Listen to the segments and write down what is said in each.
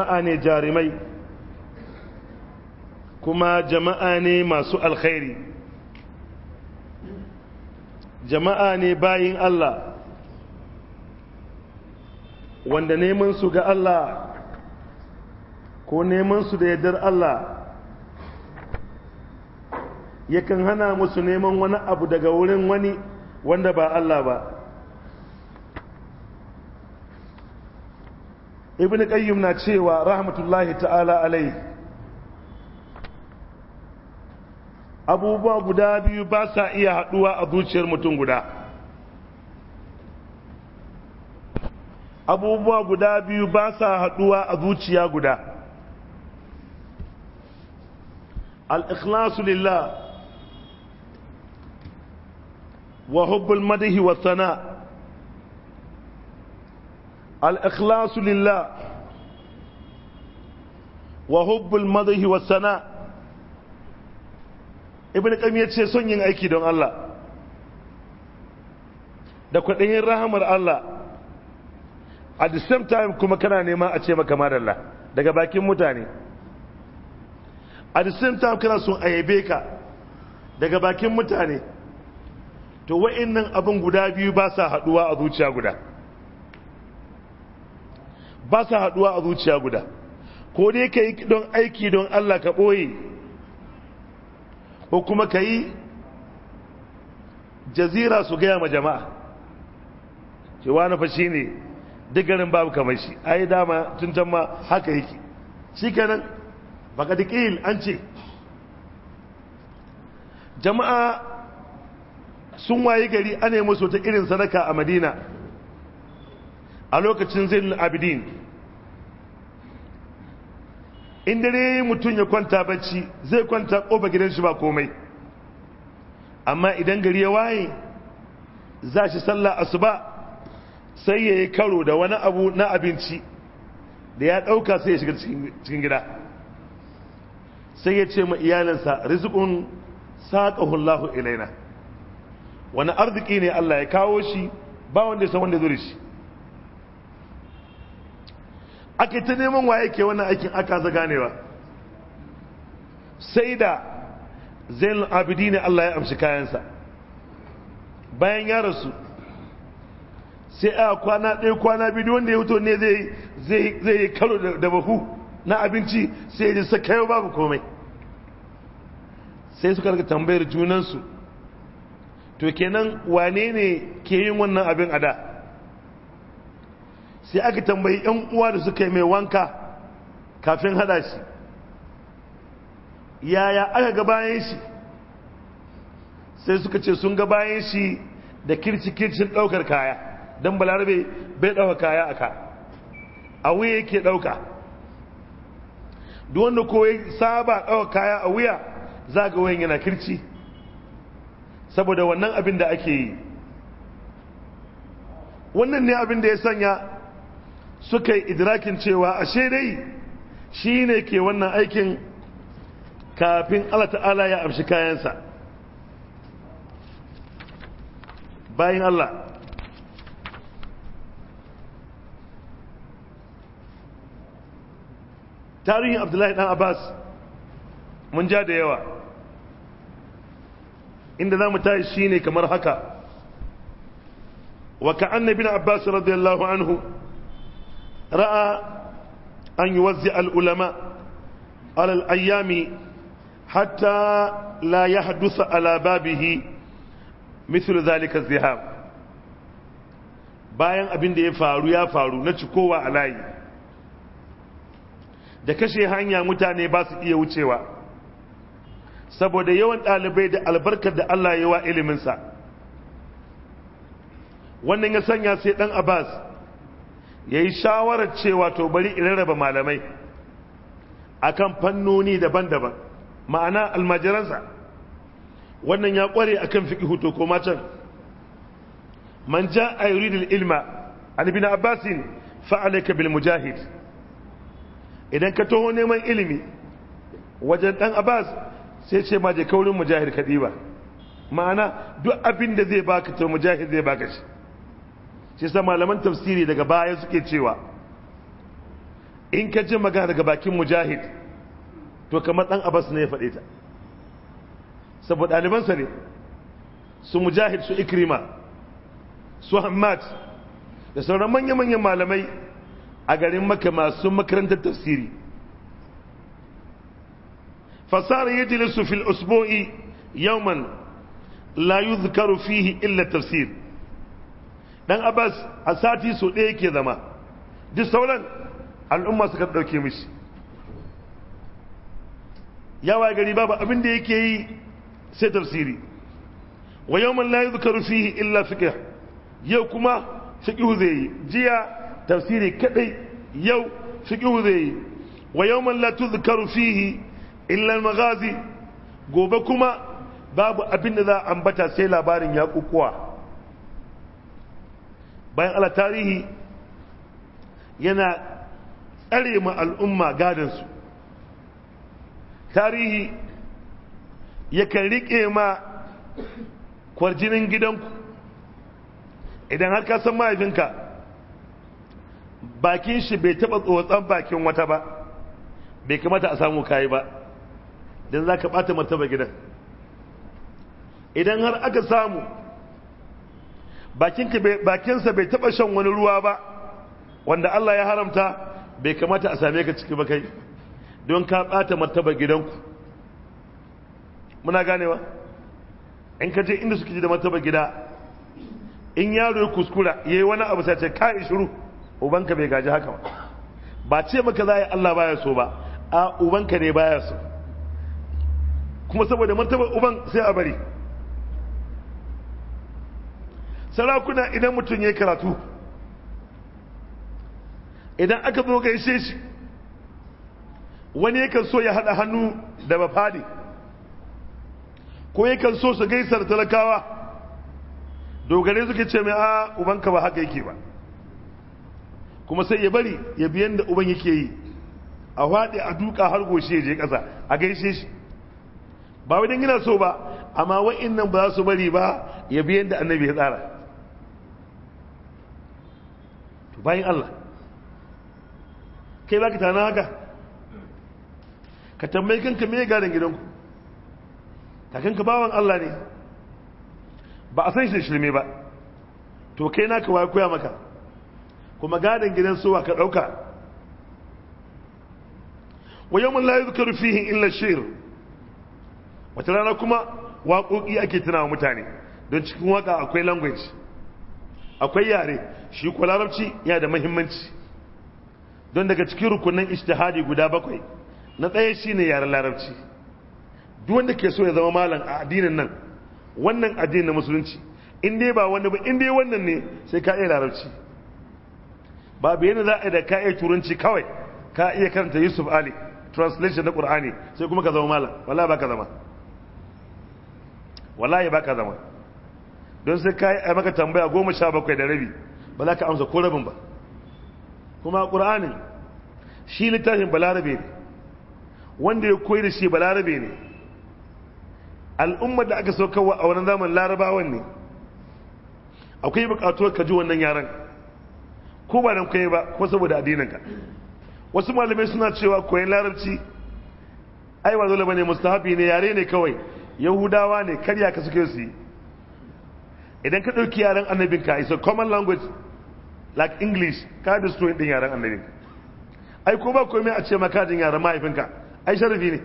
jama'a ne jarimai kuma jama'a ne masu alkhairi jama'a ne bayin Allah wanda neman su ga Allah ko neman su da yardar Allah yakan hana musu neman wani abu daga wurin wani wanda ba Allah ba ibn qayyim na cewa rahmatullahi ta'ala alai abubuwa guda biyu ba sa iya haduwa a zuciyar mutum guda abubuwa guda biyu ba sa haduwa a zuciya guda al-ikhlasu lillah wa hubbul madhi wa sana' الاخلاص لله وحب المدح والثناء ibn قيم yace son yin aiki don Allah da kwaɗayin rahamar Allah at the same time kuma kana nema a ce maka madalla daga bakin mutane at the same time kana son ayyabe ka daga bakin mutane to nan abin guda biyu ba sa haduwa a zuciya guda ba sa haɗuwa a zuciya guda ko dai ka yi don aiki don Allah ka ɓoye ko kuma ka yi jazira su gaya ma jama'a cewa na fashi ne duk garin babu kamar shi a yi dama tun can ma haka yake shi kenan baka da ƙil an ce jama'a sun waye gari ana yi musu ta irin sadaka a madina a lokacin zai abidin in dare mutum ya kwanta bacci zai kwanta kofa gidan shi ba komai amma idan gari ya waye za shi sallah asuba sai ya yi karo da wani abu na abinci da ya ɗauka sai ya shiga cikin gida sai ya ce ma iyalinsa rizikun saƙahullahu ilaina wani arziki ne Allah ya kawo shi ba wanda ya san wanda zuri shi ake ta neman waye ke wannan aikin aka za ganewa sai da zainul abidi ne Allah ya amshi kayansa bayan ya rasu sai a kwana ɗaya kwana biyu wanda ya huto ne zai yi karo da bahu na abinci sai ya ji kayo babu komai sai suka rika tambayar junansu to kenan wane ne ke yin wannan abin a da sai aka tambayi yan uwa da suka yi mai wanka kafin hada shi yaya aka ga bayan shi sai suka ce sun ga bayan shi da kirci-kircin daukar kaya don balarabe bai dauka kaya aka. a wuya yake dauka duk wanda ko saba dauka kaya a wuya za ga wuyan yana kirci saboda wannan abin da ake yi wannan ne abin da ya sanya suka yi idrakin cewa ashe dai shi ne ke wannan aikin kafin Allah ta'ala ya amshi kayansa bayan Allah tarihin abdullahi dan abbas mun ja da yawa inda za mu tashi shi ne kamar haka wa ka'an na abbas radiyallahu anhu رأى أن يوزع العلماء على الأيام حتى لا يحدث على بابه مثل ذلك الزهاب bayan abin da ya faru ya faru na cikowa a layi da kashe hanya mutane ba su iya wucewa saboda yawan ɗalibai da albarkar da Allah ya wa iliminsa wannan ya sanya sai ɗan abbas ya yi shawarar cewa to bari in rarraba malamai akan fannoni daban-daban ma'ana almajiransa wannan ya kware akan fiƙi hutu ko macen man ja a ilma an ilma abbas abbasin alayka bil mujahid idan ka taho neman ilimi wajen dan abbas sai ce ma je kaurin mujahid kadiba ma'ana duk abin da zai baka to mujahid zai baka shi shi sa malaman tafsiri daga baya suke cewa in ka ji magana daga bakin mujahid to kamar dan abbas ne ya faɗe ta saboda ɗalibansa ne su mujahid su ikrima su hammat da sauran manya-manyan malamai a garin maka masu makarantar tafsiri fasara ya jilisu fil usbu'i yawman la yuzkaru fihi illa tafsir dan abbas a sati so ɗaya ke zama duk sauran al'umma suka ɗauke mishi yawa gari babu abin da yake yi sai tafsiri wa yau yawman la yuzkaru rufi illa fiqh yau kuma fiqh zai yi jiya tafsiri kaɗai yau fiqh zai yi wa yawman la tuzkaru fihi illa al-maghazi gobe kuma babu abin da za a ambata sai labarin yakukuwa bayan ala tarihi yana tsare ma al'umma gadansu tarihi yakan riƙe ma kwarjinin gidanku idan har ka san mahaifinka bakin shi bai taɓa tsohon bakin wata ba bai kamata a samu kayi ba don za ka ɓata martaba gidan idan har aka samu bakinsa bai taɓa shan wani ruwa ba wanda Allah ya haramta bai kamata a same ka ciki ba kai don ka bata martaba gidanku muna ganewa in ka je inda suke ji da martaba gida in yaro ya kuskura ya yi wani abu sai ce ka shiru ubanka bai gaji haka ba ba ce maka za a yi Allah baya so ba a ubanka ne baya so kuma saboda martaba uban sai a bari sarakuna idan mutum ya karatu idan aka zo gaishe shi wani yakan so ya haɗa hannu da bafadi ko yakan so su gaisar da talakawa dogare suke ce mai a ubanka ba haka yake ba kuma sai ya bari ya biyan da uban yake yi a waɗe a duka har goshi ya je ƙasa a gaishe shi ba wadanda gina so ba amma wa'in nan ba za su bari ba ya biyan da annabi ya tsara to bayan Allah kai ba ka tana haka ka tambayi kanka me garin gidanku kakanka bawan Allah ne ba a san shi shirme ba to kai na ka koya maka kuma gadon gidan suwa ka ɗauka wa yawon la yuzkaru fihi illa shir wata rana kuma waƙoƙi ake tunawa mutane don cikin waƙa akwai language akwai yare shi ko larabci ya da muhimmanci don daga cikin rukunin ijtihadi guda bakwai na tsaye shine yaren larabci duk wanda ke so ya zama malam a addinin nan wannan addinin na musulunci in dai ba wani ba in dai wannan ne sai ka iya larabci Ba bai ne za a da ka iya turanci kawai ka iya karanta yusuf ali translation na qur'ani sai kuma ka zama malam wallahi ba ka zama wallahi ba ka zama don sai ka yi maka tambaya goma sha bakwai da rabi ba za ka amsa ko rabin ba kuma ƙura'ani shi littafin balarabe ne wanda ya koyi da shi balarabe ne al'ummar da aka sauka a wani zaman larabawan ne akwai bukatuwar ka ji wannan yaren ko ba da kai ba ko saboda addininka wasu malamai suna cewa koyon larabci ai ba dole bane mustahabi ne yare ne kawai yahudawa ne karya ka suke su yi idan ka ɗauki yaren annabinka is a common language like english ka destroy din yaran annabi ai ko ba komai a ce maka din yaran mahaifinka ai sharafi ne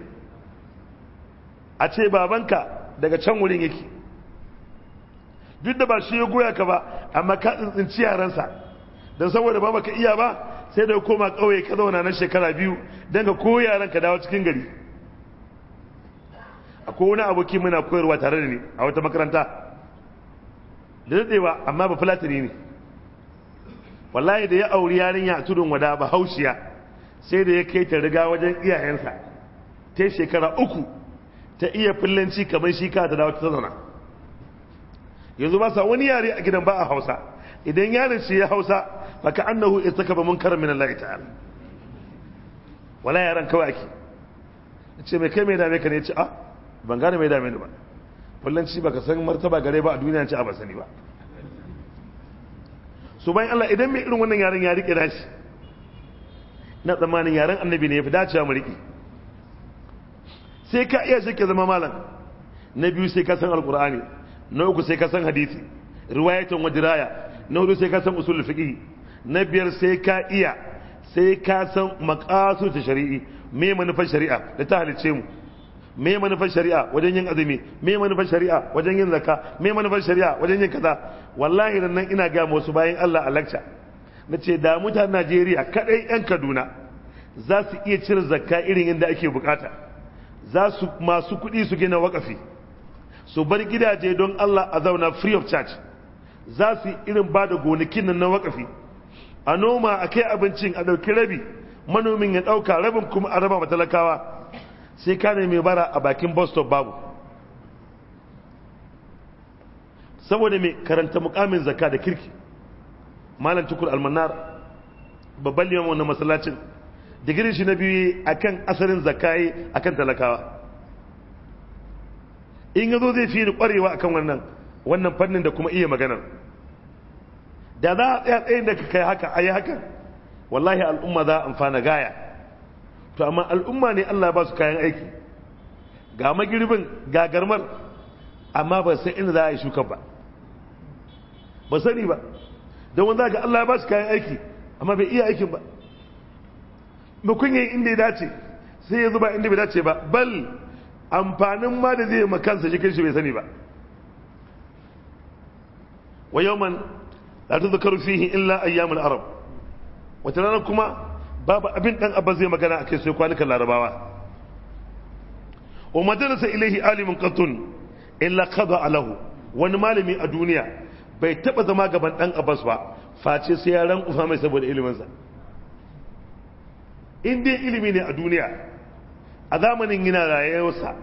a ce babanka daga can wurin yake duk da ba shi ya goya ka ba amma ka tsintsinci yaransa don saboda ba baka iya ba sai da koma ƙauye ka zauna na shekara biyu don ka ko yaran ka dawo cikin gari akwai wani aboki muna koyarwa tare da ni a wata makaranta da daɗewa amma ba fulatani ne wallahi da ya auri yarinya a tudun wada ba haushiya sai da ya kai ta riga wajen iyayensa ta shekara uku ta iya fillanci kamar shi ka ta dawo ta zauna yanzu ba sa wani yare a gidan ba a hausa idan yarin shi ya hausa baka annahu mun munkaran min Allah ta'ala wala yaran kawai ake ce mai kai mai dame ka ne ce a ah, ban gane mai dame ni ba fillanci baka san martaba gare ba a duniya ce a ah, ba sani ba su bayan Allah idan mai irin wannan yaren ya rike shi na tsammanin yaren annabi ne ya fi dacewa mu rike sai ka iya shi ke zama malam na biyu sai ka san alkur'ani na uku sai ka san hadisi riwayatun wajiraya na hudu sai ka san usul na biyar sai ka iya sai ka san ta shari'i me manufar shari'a da ta halice mu me manufar shari'a wajen yin azumi me manufar shari'a wajen yin zakka me manufar shari'a wajen yin kaza wallahi dan nan ina ga musu bayan Allah a lakca nace da mutanen Najeriya kadai yan Kaduna za su iya cire zakka irin inda ake bukata za su masu kuɗi su gina wakafi su bar gidaje don Allah a zauna free of charge za su irin ba da gonakin nan na wakafi a noma a kai abincin a ɗauki rabi manomin ya ɗauka rabin kuma a raba matalakawa sai ka mai bara a bakin boston babu saboda mai karanta mukamin zakka da kirki malam tukur almanar babban liman wannan masallacin digirin shi na biyu a kan asalin zakaye kan talakawa in yazo zai fi kwarewa a kan wannan wannan fannin da kuma iya maganar da za a tsaya tsayin da ka kai haka a yi haka wallahi al'umma za a amfana gaya to amma al'umma ne Allah ba su kayan aiki ga magirbin ga garmar amma ba sai inda za a yi shuka ba ba sani ba don wanda ga Allah ba su kayan aiki amma bai iya aikin ba mukun yin inda ya dace sai ya zuba inda bai dace ba bal amfanin ma da zai yi makansa shi shi bai sani ba wa yawman la tuzkaru fihi illa ayyamul arab wata rana kuma babu abin dan abba zai magana akai sai kwanukan larabawa wa majalasa ilahi alimin qatun illa qada alahu wani malami a duniya bai taba zama gaban dan abbas ba face sai ya ran rankufa mai saboda iliminsa in dai ilimi ne a duniya a zamanin yana rayuwarsa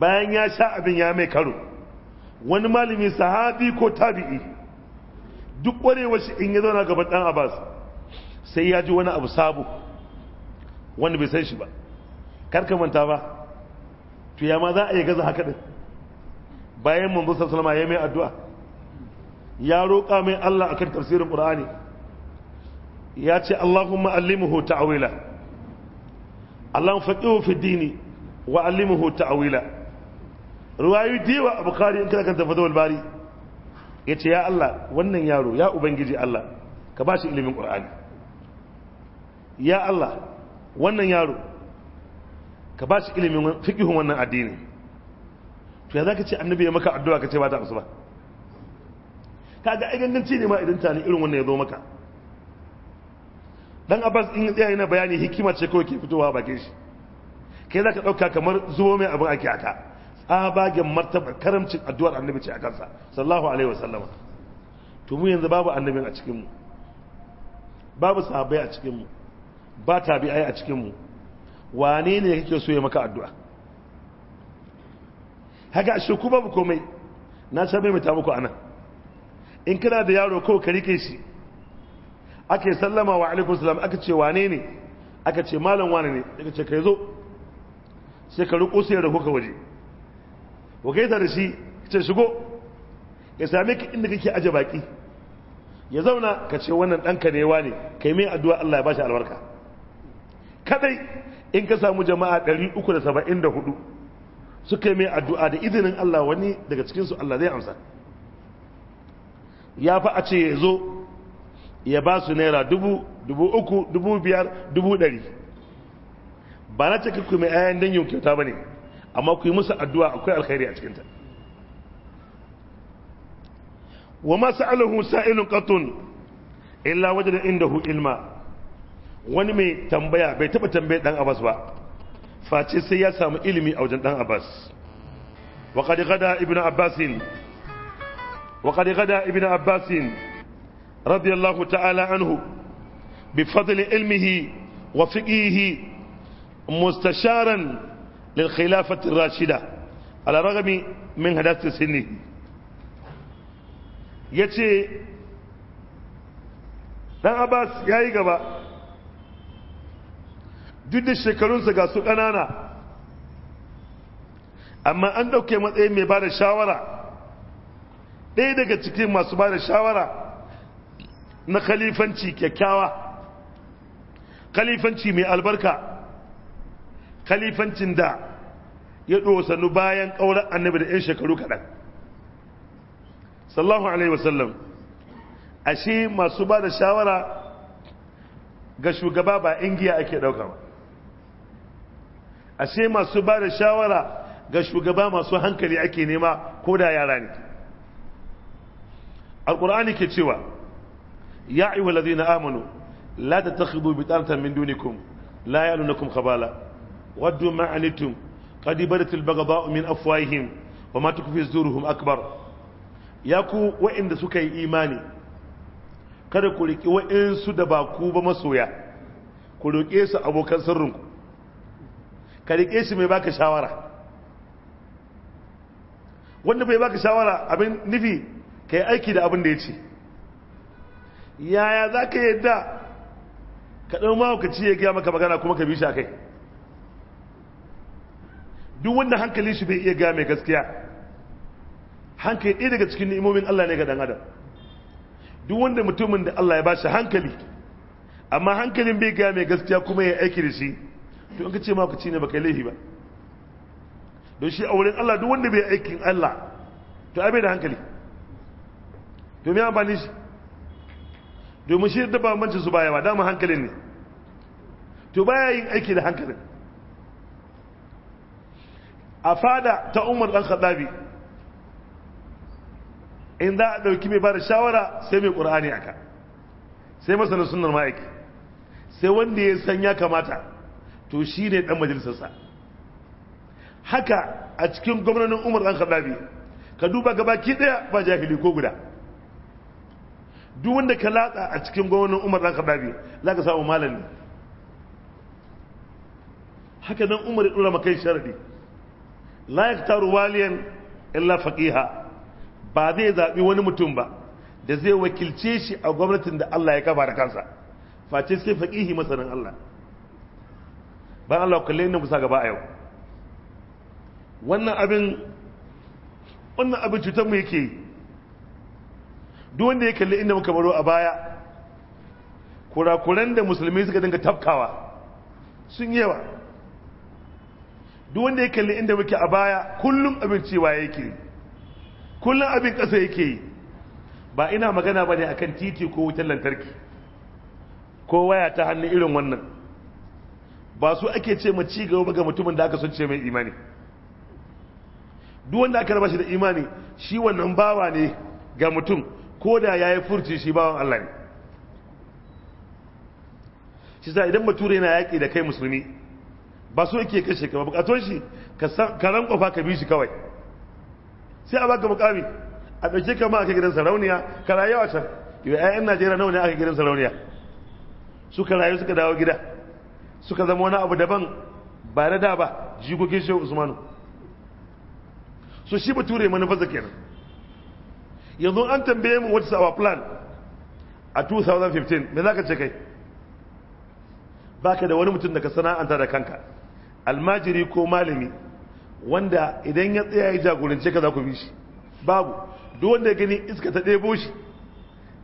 bayan ya sha abin ya mai karo wani malami sahabi ko tabi'i duk kwarewar shi in ya zauna gaban dan abbas sai ya ji wani abu sabu wanda bai san shi ba karka manta ba to ya ma za a yi gaza haka din bayan manzo salama ya mai addu'a ya roƙa mai Allah akan tafsirin Qur'ani ya ce Allahumma allimhu ta'wila Allah faqihu fi dini wa allimhu ta'wila ruwayu diwa bukhari in kana kan tafsirul bari yace ya Allah wannan yaro ya ubangiji Allah ka ba shi ilimin Qur'ani ya Allah wannan yaro ka ba shi ilimin fikihun wannan addini to ya zaka ce annabi ya maka addu'a ka ce ba ta amsu ba kaga ai ganganci ne ma idan tani irin wannan ya zo maka dan abbas in tsaya yana bayani hikima ce kawai ke fitowa bakin shi kai zaka dauka kamar zuwa mai abin ake aka tsabagen martaba karamcin addu'ar annabi ce a kansa sallallahu alaihi wasallama to mu yanzu babu annabin a cikin mu babu sahabbai a cikin mu ba tabi'ai a cikinmu wane ne kake so ya maka addu'a haka shi ku babu komai na san mai mata muku anan in kana da yaro ko ka rike shi ake sallama wa alaikum salam aka ce wane ne aka ce malam wane ne aka ce kai zo sai ka riko sai rako ka waje wa da shi ce shigo ya same ka inda kake aje baki ya zauna ka ce wannan ɗanka ne wa ne kai mai addu'a Allah ya bashi albarka kadai in ka samu jama'a 374 suka yi mai addu'a da izinin Allah wani daga cikinsu Allah zai amsa ya fa a ce ya zo ya ba su naira dubu dubu uku ba na ce kakku mai ayan dangin kyauta ba ne amma ku yi musu addu'a akwai alkhairi a cikinta wa masu alahu sa'ilun katon illa wajen inda hu ilma wani mai tambaya bai taba tambaye dan abbas ba face sai ya samu ilimi a wajen dan abbas wa qad gada ibnu abbasin wa gada ibnu abbasin radiyallahu ta'ala anhu bi fadli ilmihi wa fiqihi mustasharan lil khilafati ar-rashida ala ragami min yi. sinni yace dan abbas yayi gaba duk da shekarunsa ga su ƙanana amma an dauke matsayin mai ba da shawara ɗaya daga cikin masu ba da shawara na khalifanci kyakkyawa kalifanci mai albarka kalifancin da ya ɗosanu bayan ƙaurar annabi da 'yan shekaru kaɗan sallahu alaihi wasallam ashe masu ba da shawara ga shugaba ba ingiya ake ɗauka ba ashe masu ba da shawara ga shugaba masu hankali ake nema ko da yara ne alkur'ani ke cewa ya ayyuhal na amanu la tattakhidhu bitanatan min dunikum la yalunukum khabala waddu ma anitum qad badatil baghdha'u min afwahihim wa ma tukfi zuruhum akbar ya ku wa'inda suka yi imani kada ku riki wa'insu da ba ku ba masoya ku roƙe su abokan sirrinku ka riƙe shi mai baka shawara wanda bai baka shawara abin nufi ka yi aiki da abin da ya ce yaya za ka yadda ka ɗan mahaukaci ya gaya maka magana kuma ka bi shi a kai duk wanda hankali shi bai iya gaya mai gaskiya hankali ɗaya daga cikin ni'imomin Allah ne ga ɗan adam duk wanda mutumin da Allah ya ba shi hankali amma hankalin bai gaya mai gaskiya kuma ya aiki da shi to in ka ce maka ci ne baka laifi ba don shi a wurin Allah duk wanda bai aikin Allah to abai da hankali to me amfani shi domin shi da bambancin su baya ba dama hankalin ne to baya yin aiki da hankalin a fada ta umar dan khadabi in da a dauki mai bada shawara sai mai qur'ani aka sai masana sunnar ma'aiki sai wanda ya san ya kamata to shi ne ɗan majalisarsa haka a cikin gwamnanin umar ɗan khattabi ka duba gaba ki ɗaya ba jahili ko guda duk wanda ka latsa a cikin gwamnanin umar ɗan khattabi za ka samu malami haka nan umar ya ɗora makai sharaɗi la taru waliyan illa ha ba zai zaɓi wani mutum ba da zai wakilce shi a gwamnatin da Allah ya kafa da kansa face sai faƙihi masanin Allah ban Allah kalle ne kusa gaba a yau wannan abin wannan abin cutar mu yake duk wanda ya kalle inda muka baro a baya kurakuran da musulmi suka dinga tafkawa sun yawa duk wanda ya kalle inda muke a baya kullum abin cewa yake kullum abin ƙasa yake yi ba ina magana ba ne akan titi ko wutar lantarki ko waya ta hannun irin wannan ba su ake ce ma ci gaba ga mutumin da aka sun mai imani duk wanda aka raba shi da imani shi wannan bawa ne ga mutum ko da ya yi furci shi bawan Allah ne shi sa idan Mature yana yaƙi da kai musulmi ba su yake kashe ka ba shi ka rankwafa ka bi shi kawai sai a baka mukami a ɗauke ka ma aka gidan sarauniya ka rayuwa can yau 'ya'yan najeriya nawa ne aka gidan sarauniya Su ka rayu suka dawo gida suka zama wani abu daban ba na da ba jigogin shehu usmanu so shi bature manufarsa kenan yanzu an tambaye mu what's our plan a 2015 me za ka ce kai baka da wani mutum da ka sana'anta da kanka almajiri ko malami wanda idan ya tsaya ya jagorance ka za ku bi shi babu duk wanda ya gani iska ta ɗebo shi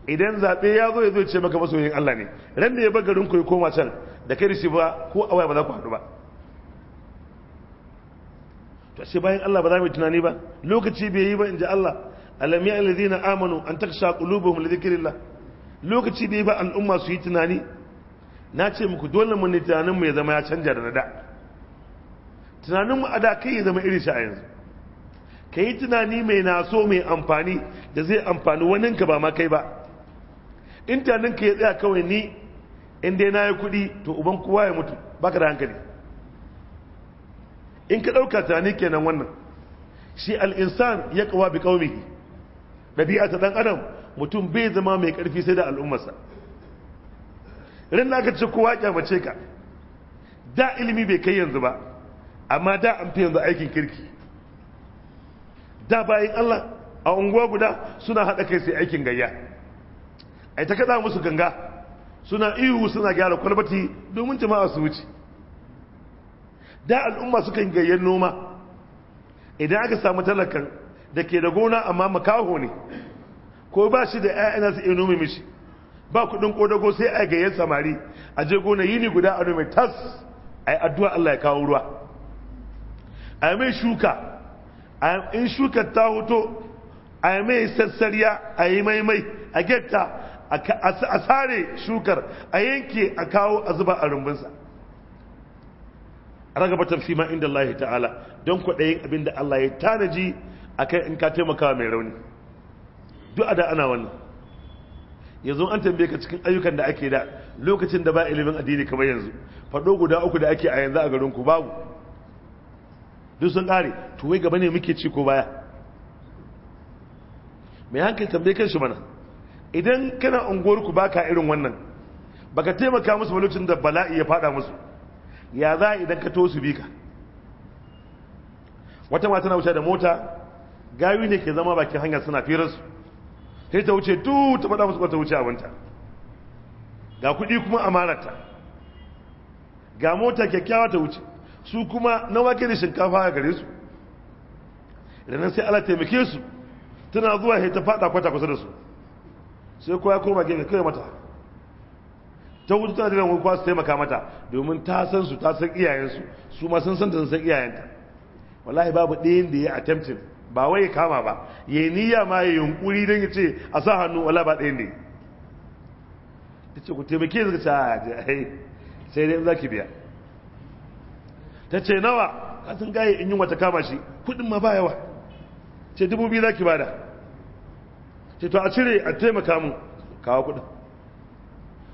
idan zaɓe ya zo ya zo ce maka masoyin Allah ne ran da ya bar garin ku ya koma can da kai risi ba ko a waya ba za ku haɗu ba to sai bayan Allah ba za mu tunani ba lokaci bai yi ba in ji Allah alam ya alladhina amanu an taksha qulubuhum li dhikrillah lokaci bai yi ba al'umma su yi tunani na ce muku dole mu ne tunanin mu ya zama ya canja da da tunanin mu a da kai ya zama irin shi a yanzu ka yi tunani mai naso mai amfani da zai amfani waninka ba ma kai ba in ka ya tsaya kawai ni in dai na yi kuɗi to uban kowa ya mutu baka da hankali in ka ɗauka tunani kenan wannan shi al'insan ya kawa bi ƙaumihi ɗabi'a ta ɗan adam mutum bai zama mai ƙarfi sai da al'ummarsa rin ka ci kowa kyamace ka da ilimi bai kai yanzu ba amma da an fi yanzu aikin kirki da bayan allah a unguwa guda suna haɗa kai sai aikin gayya ai ta kaɗa musu ganga suna ihu suna gyara kwalbati domin jama'a su wuce da al'umma sukan gayyar noma idan aka samu talakan da ke da gona amma makaho ne ko ba shi da 'ya'yana su iya noma mishi ba kudin kodago sai a gayyar samari a je gona yini guda a nome tas a addu'a Allah ya kawo ruwa a yi mai shuka in shukar ta hoto a yi mai sassariya a yi mai a getta a sare shukar a yanke a kawo a zuba a rumbunsa ragabatan fi ma inda Allah ya ta'ala don kwaɗayin abin da Allah ya tanaji a kai in ka taimaka mai rauni duk a da ana wannan yanzu an tambaye ka cikin ayyukan da ake da lokacin da ba ilimin addini kamar yanzu faɗo guda uku da ake a yanzu a garin ku babu duk sun ƙare tuwai gaba ne muke ci ko baya mai hankali tambaye kan shi mana idan kana unguwarku baka irin wannan baka taimaka musu lokacin da bala'i ya fada musu ya za idan ka to su bi wata mata na wuce da mota gawi ne ke zama bakin hanya suna firarsu sai ta wuce tu ta faɗa musu kwata wuce abinta ga kuɗi kuma marata ga mota kyakkyawa ta wuce su kuma na wake da shinkafa a gare su idan sai ala taimake su tana zuwa sai ta faɗa kwata kusa da su sai kowa koma gefe kai mata ta wuce tana jiran kowa su taimaka mata domin ta san su ta san iyayensu su ma sun san ta san iyayenta wallahi babu ɗayan da ya attempting ba wai kama ba ya niyya ma ya yunkuri don ya ce a sa hannu wala ba ɗayan da ta ce ku taimake zaka ce a sai dai za ki biya ta ce nawa ka san gaye in yi wata kama shi kuɗin ma ba yawa ce dubu biyu za ki bada ce to a cire a taimaka mun kawo kudin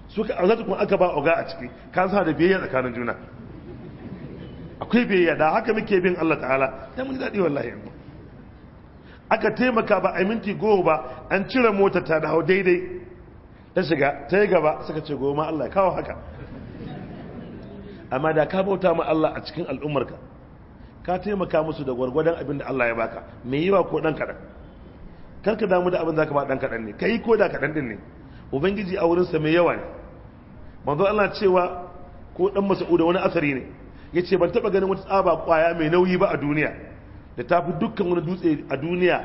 suka a zata kuma aka ba oga a ciki ka sa da biyayya tsakanin juna akwai biyayya da haka muke bin Allah ta'ala dan mun daɗi wallahi yanzu aka taimaka ba a minti goma ba an cire mota ta da hau daidai ta shiga ta yi gaba suka ce goma Allah ya kawo haka amma da ka bauta ma Allah a cikin al'ummarka ka taimaka musu da gwargwadon abin da Allah ya baka mai yawa ko dan kaɗan. Kar ka damu da abin za ka ba ɗan kaɗan ne ka yi ko da kaɗan ɗin ne ubangiji a wurin sa mai yawa ne manzo Allah cewa ko dan masa'uda wani asari ne Ya ce ban taɓa ganin wata tsaba ƙwaya mai nauyi ba a duniya da ta fi dukkan wani dutse a duniya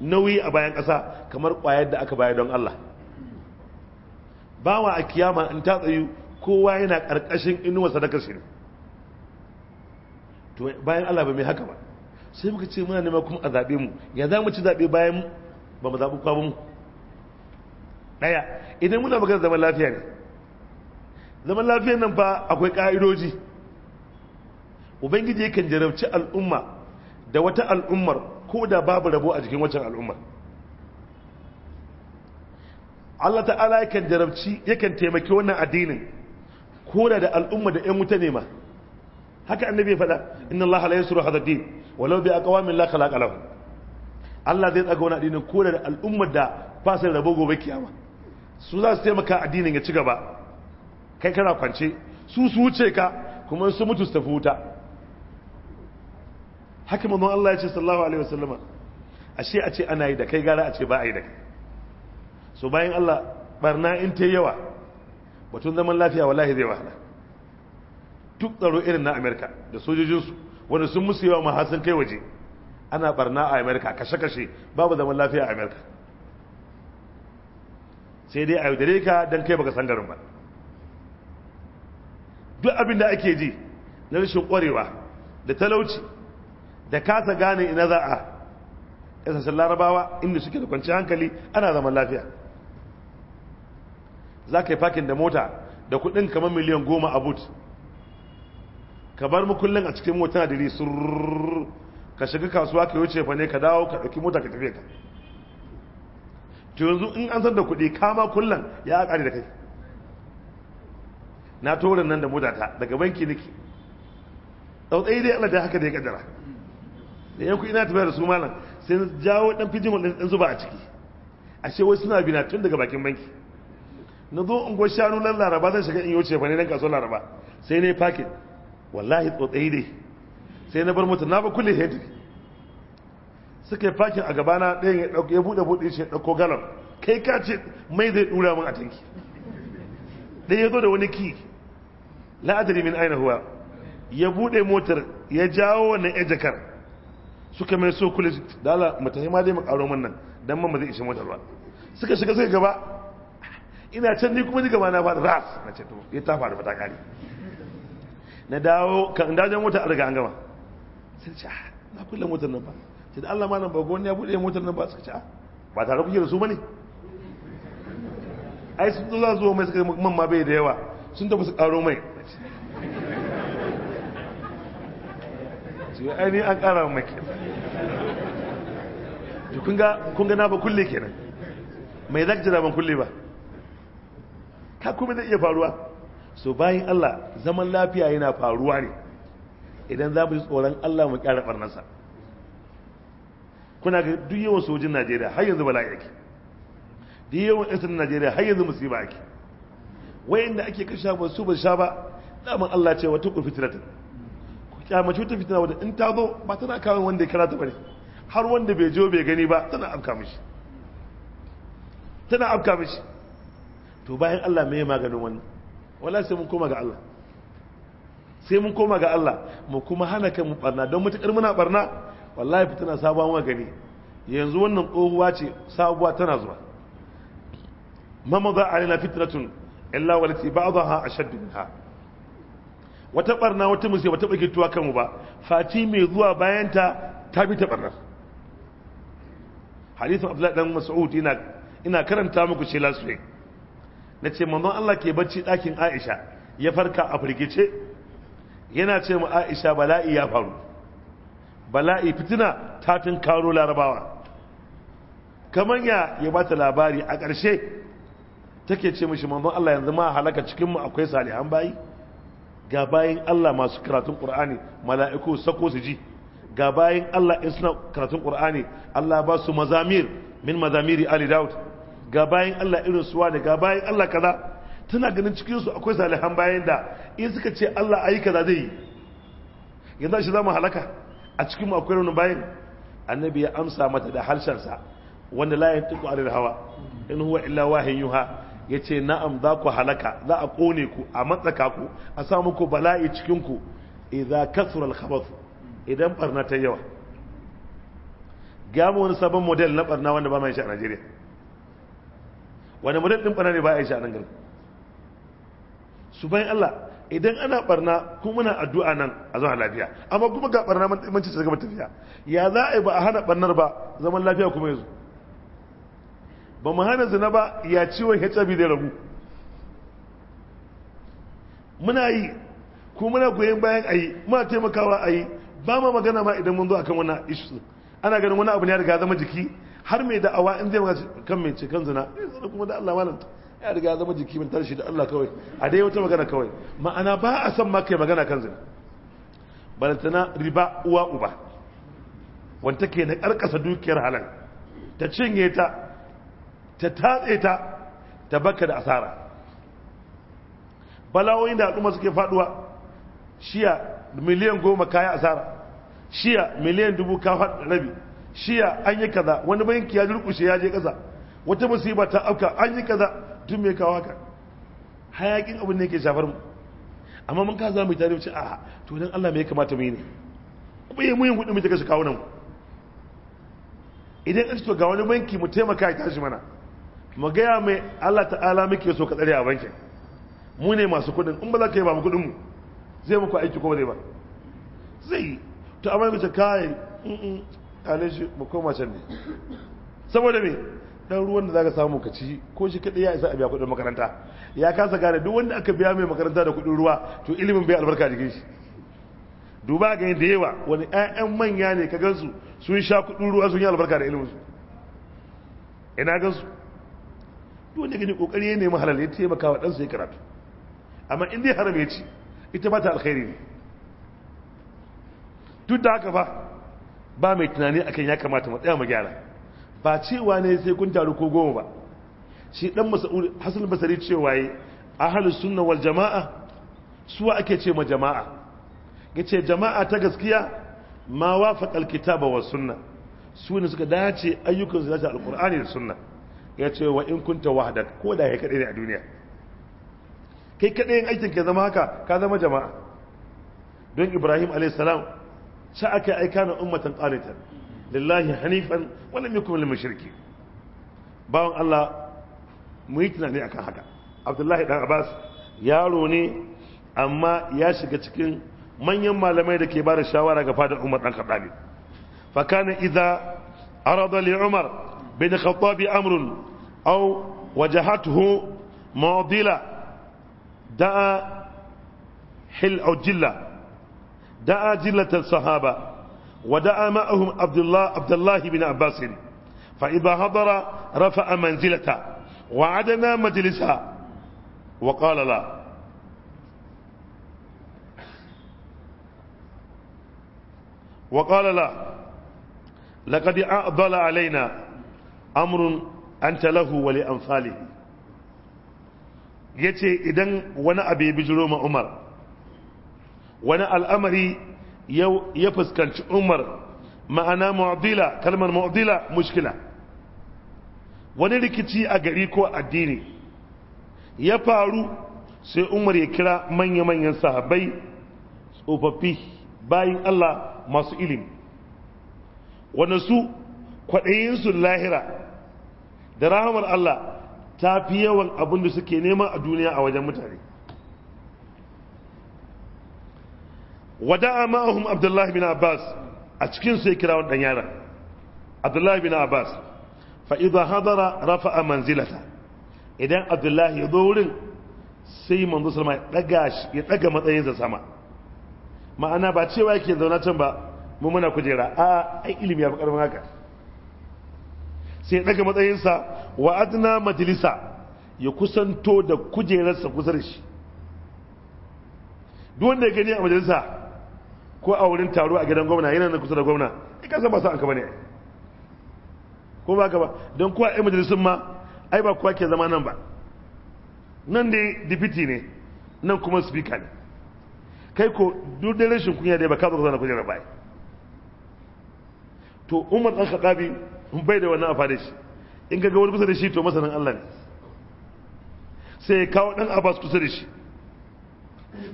nauyi a bayan ƙasa kamar ƙwayar da aka bayar don Allah bawa a kiyama in ta tsayu kowa yana ƙarƙashin inuwa sadakar shi ne to bayan Allah ba mai haka ba sai muka ce muna nema kuma a zaɓe mu ya za mu ci zaɓe bayan ba mu zaɓi kwabin ɗaya idan muna magana zaman lafiya ne zaman lafiyan nan fa akwai ƙa'idoji ubangiji yakan jarabci al'umma da wata al'ummar ko da babu rabo a jikin wancan al'ummar Allah ta'ala kan jarabci yakan taimaki wannan addinin ko da da al'umma da 'yan wuta ne ma haka annabi ya faɗa inna Allah la yasru hadha din walau bi aqwamin la khalaqa Allah zai tsaga wani addinin ko da al'ummar da ba su rabo gobe kiyama su za su taimaka addinin ya ci gaba kai kana kwance su su wuce ka kuma su mutu su tafi wuta haka mamman Allah ya ce sallahu alaihi wasallama ashe a ce ana yi da kai gara a ce ba a yi da kai so bayan Allah barna in ta yawa batun zaman lafiya wallahi zai wahala duk tsaro irin na Amerika da sojojinsu wanda sun musu yawa ma har kai waje ana barna a amerika kashe-kashe babu zaman lafiya a amerika sai dai a yaudare ka don kai baka san ba duk abin da ake ji na rashin kwarewa da talauci da kasa gane ina za a ƙasashen larabawa inda suke da kwanci hankali ana zaman lafiya za ka yi fakin da mota da kudin kamar miliyan goma a but ka bar mukullin a cikin mota da risururururu ka shiga kasuwa ka wuce fa ne ka dawo ka ɗauki mota ka tafi ka to yanzu in an san da kuɗi kama kullum ya ƙare da kai na tora nan da ta daga banki niki tsautsayi dai Allah da haka da ya kaddara da yan kuɗi na tafiya da su malam sai jawo ɗan fijimin ɗan zuba a ciki ashe wai suna bina tun daga bakin banki na zo in gwashi shanu nan laraba zan shiga in yi wuce fa ne dan kasuwar laraba sai ne fakin wallahi tsotsai dai sai na bar motar na ba kulle hedri suka yi fakin a gabana ɗayan ya ya buɗe buɗe shi ya ɗauko galam kai ka ce mai zai ɗura min a tanki ɗaya ya zo da wani ki la'adari min aina huwa ya buɗe motar ya jawo wannan ya jakar suka mai so kulle da ala matahi ma dai mu ƙaro min nan dan ma zai ishe motar ba suka shiga suka gaba ina can ni kuma ni gaba na faɗi ras na ce to ya tafa da ba ta na dawo kan dajen mota a riga an gama sai ce ah, na kulle motar nan ba sai da Allah malam bago wani ya bude motar nan ba suka ce ah, ba tare kuke da su bane ai sun zo za mai suka man ma bai da yawa sun tafi su karo mai sai ai ne an kara mai to kun ga kun ga na ba kulle kenan mai zaka jira ban kulle ba ka kuma zai iya faruwa so bayan Allah zaman lafiya yana faruwa ne idan za mu yi tsoron Allah mu kyara barnarsa kuna ga duk yawan sojin Najeriya har yanzu bala'i yake duk yawan yan sanin Najeriya har yanzu musiba yake wayanda ake kashe ba su ba sha ba daman Allah ce wa ku fitratin ku kyamace ta fitna wanda in ta zo ba tana kawo wanda ya karata bane har wanda bai je bai gani ba tana afka mishi tana afka mishi to bayan Allah me maganin wannan wala sai mun koma ga Allah sai mun koma ga Allah mu kuma hana kan mu barna don mutakar muna barna wallahi fitina sabuwa muka gani yanzu wannan tsohuwa ce sabuwa tana zuwa mada alina fitratun illa walati ba'daha ashadd minha wata barna wata musiba wata bake tuwa kanmu ba fati mai zuwa bayan ta ta bi ta barna hadithu abdullahi dan mas'ud ina ina karanta muku shi lasu ne nace manzon Allah ke bacci dakin Aisha ya farka a firgice yana ce mu aisha bala'i ya faru bala'i fitina ta tun karo larabawa kamar ya ya bata labari a ƙarshe take ce mishi manzon Allah yanzu ma halaka cikin mu akwai salihan bayi ga bayin Allah masu karatun Qur'ani mala'iku sako su ji ga bayin Allah in suna karatun Qur'ani Allah ba su mazamir min mazamiri Ali Daud ga bayin Allah irin suwa da ga bayin Allah kaza tana ganin cikinsu akwai salihan bayan da in suka ce Allah ayi kaza zai yi yanzu shi zamu halaka a cikin mu akwai raunin bayan annabi ya amsa mata da harshensa wanda la yantiqu anil hawa in huwa illa wahin yuha yace na'am za ku halaka za a kone ku a matsaka ku a sa muku bala'i cikin ku idza kasura al idan barna ta yawa ga wani sabon model na barna wanda ba mai shi a Najeriya wani model din barna ne ba ya shi a nan garin su bayan Allah idan ana barna kuma muna addu'a nan a zama lafiya amma kuma ga barna mun ci gaba tafiya ya za a yi ba a hana barnar ba zaman lafiya kuma yanzu ba mu hana zina ba ya ciwon HIV da rabu muna yi kuma muna goyon bayan a yi muna taimakawa a yi ba ma magana ma idan mun zo akan wannan issue ana ganin wani abu ne ya riga zama jiki har mai da'awa in zai magana kan mai ce kan zina kuma da Allah malanta ya riga zama jiki min tarshi da Allah kawai a dai wata magana kawai ma'ana ba a san ma kai magana kan zina balantana riba uwa uba wanda ke na karkasa dukiyar halal ta cinye ta ta tatse ta ta baka da asara balawoyin da al'umma suke faduwa shiya miliyan goma kaya asara shiya miliyan dubu kafa rabi shiya an yi kaza wani banki ya durkushe ya je kaza wata musiba ta auka an yi kaza tun mai kawo haka hayakin abin ne ke shafar mu amma mun ka za mu yi tare wuce a to don allah mai kamata mai ne kuma eh, yi muyin kudin mutu kashe kawo nan idan an to ga wani banki mu taimaka ya tashi mana mu gaya mai allah ta'ala muke so ka tsare a bankin mu ne masu kudin in ba za ka yi ba mu kudin mu zai muku aiki ko ba zai ba zai yi to amma mace kayan kane shi mu koma can ne saboda me dan ruwan da zaka samu ka ci ko shi kadai ya isa a biya kudin makaranta ya kasa gane duk wanda aka biya mai makaranta da kudin ruwa to ilimin bai albarka jikin shi duba ga da yawa wani ƴaƴan manya ne ka gansu sun sha kudin ruwa sun yi albarka da ilimin su ina gansu duk wanda gani kokari ya nemi halal ya taimaka wa dan ya karatu amma in dai haram ya ci ita ba ta alkhairi ne duk da haka ba ba mai tunani akan ya kamata mu tsaya mu gyara ba cewa ne sai kun taru ko goma ba shi dan hasan basari cewa yi ahlus sunna wal jama'a suwa ake ce ma jama'a yace jama'a ta gaskiya ma wafaqal alkitaba was sunna su ne suka dace ayyukan su dace alqur'ani da sunna yace wa in kunta wahdak ko da kai kadai ne a duniya kai kadai aikin ka zama haka ka zama jama'a don Ibrahim alayhi salam sha aka aika na ummatan qanitan lillahi hanifan wannan yakun lil mushriki bawan Allah mu yi tunani akan haka Abdullahi dan Abbas yaro ne amma ya shiga cikin manyan malamai da ke ba da shawara ga fadar Umar dan Khattabi fa kana idza arada li Umar bin Khattab amrun aw wajahathu mu'dila da'a hil aw jilla da'a jillat as-sahaba ودعا معهم عبد الله عبد الله بن عباس فإذا حضر رفع منزلته وعدنا مجلسها وقال لا وقال لا لقد أعضل علينا أمر أنت له ولأنفاله يتي اذا wani abu عمر bijiro الأمر ya fuskanci umar ma'ana mu'adila kalmar mu'adila mushkila wani rikici a gari ko addini ya faru sai umar ya kira manya-manyan sahabai tsofaffi bayan allah masu ilimi wanda su kwaɗayinsu lahira da rahamar allah ta fi yawan abin da suke nema a duniya a wajen mutane wada'a ma'ahum abdullahi bin abbas a cikin su ya kira wannan yara abdullahi bin abbas fa idza hadara rafa'a manzilata idan abdullahi ya zo wurin sai manzo sallama ya daga ya daga matsayinsa sama ma'ana ba cewa yake zauna can ba mu muna kujera a ai ilimi ya fi karfin haka sai ya daga matsayinsa wa adna majlisa ya kusanto da kujerarsa kusa da shi duk wanda ya gani a majalisa ko a wurin taro a gidan gwamna yana na kusa da gwamna ai ka san ba sa an ka bane ko ba ka ba don kuwa ai majalisun ma ai ba kuwa ke zama nan ba nan dai dipiti ne nan kuma speaker ne kai ko duk da rashin kunya dai ba ka zo zana kujera bai to umar dan khadabi bai da wannan afa shi in ga wani kusa da shi to masanin Allah ne sai kawo dan abbas kusa da shi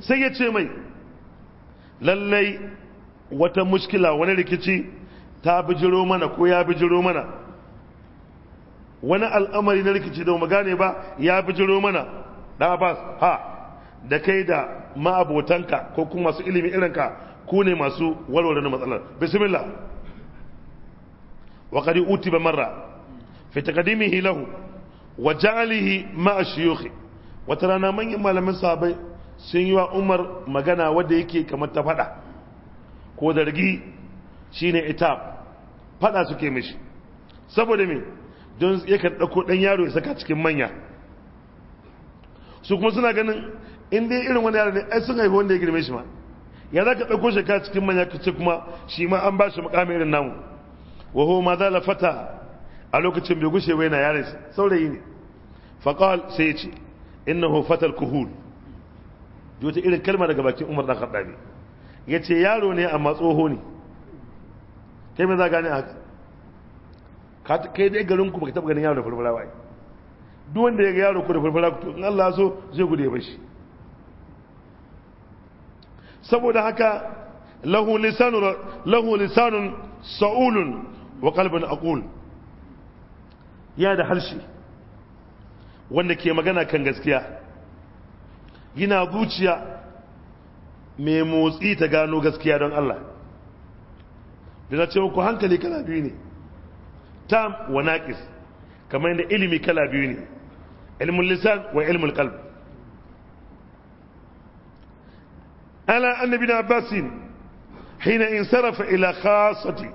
sai ya ce mai lallai wata muskila wani rikici ta bijiro mana ko ya bijiro mana wani al'amari na rikici da magane ba ya bijiro mana ɗabas ha da kai da ma'abotanka ko kuma masu ilimi irinka ku ne masu warware na matsalar bismillah wa qad ba marra fi taqdimihi lahu wa ja'alihi ma'ashiyuhi wata rana manyan malamin sahabbai sun yi wa umar magana wadda yake kamar ta fada ko zargi shine ita fada suke mishi saboda me don yakan ɗauko ɗan yaro ya saka cikin manya su kuma suna ganin inda dai irin wani yaro ne ai sun haifi wanda ya girme shi ma ya za ka ɗauko shi ka cikin manya ka ce kuma shi ma an ba shi mukamin irin namu waho ma za fata a lokacin bai gushe wai na yare saurayi ne faƙal sai ya ce innahu fatal kuhul wata irin kalma daga bakin umar da kaddabi ya ce yaro ne amma tsoho ne kai mai za gane haka kai dai garin ku baka taɓa ganin yaro da farfara ba duk wanda ya ga yaro ku da farfara ku in Allah so zai gude ba shi saboda haka lahu lisanun lahu sa'ulun wa qalbun aqul ya da harshe wanda ke magana kan gaskiya yana zuciya mai motsi ta gano gaskiya don Allah da na ce muku hankali kala biyu ne tam wa naqis kamar yadda ilimi kala biyu ne ilmin lisan wa ilmin qalb ala annabi na abbasin hina in sarafa ila khassati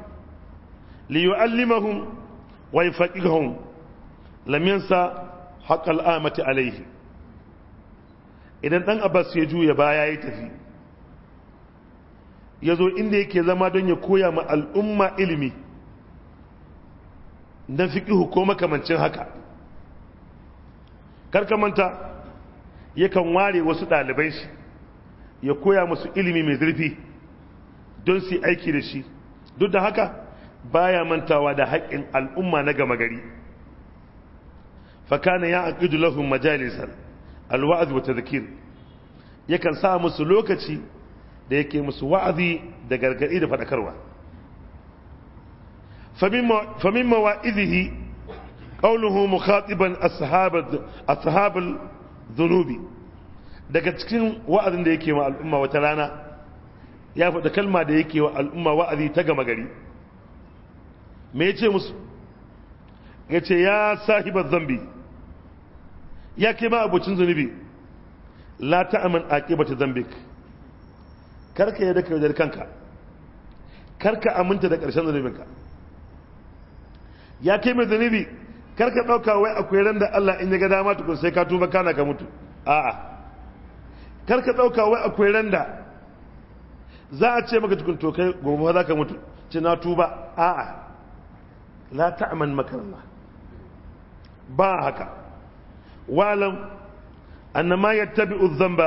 li yu'allimahum wa yufaqihum lam yansa haqqal amati alayhi idan dan abbas ya juya baya ya tafi ya zo inda yake zama don ya koya ma al'umma ilimi don ihu ko makamancin haka karkamanta yakan ware wasu ɗalibai shi ya koya masu ilimi mai zurfi don su aiki da shi duk da haka baya mantawa da haƙƙin al'umma na gama gari fakana ya aƙidu lahun majalisar alwa'az wa tadhkir yakan sa musu lokaci da yake musu wa'azi da gargadi da faɗakarwa famin izihi, qawluhu mukhatiban ashabat ashabul dhunubi daga cikin wa'adin da yake wa al'umma wata rana ya faɗa kalma da yake wa al'umma wa'azi ta gama gari me ce musu ce ya sahibar zambi ya ke ma abucin zunubi la ake bata dhanbik karka yadda ka yaudar kanka karka aminta da ƙarshen zunubinka ya ke mai zunubi karka ɗauka wai akwai ran da Allah in ya ga dama tukun sai ka tuba kana ka mutu a'a karka ɗauka wai akwai ran da za a ce maka tukun to kai gobe za ka mutu ce na tuba a'a la amin makarna ba haka ma yattabi'u ما يتبع الذنب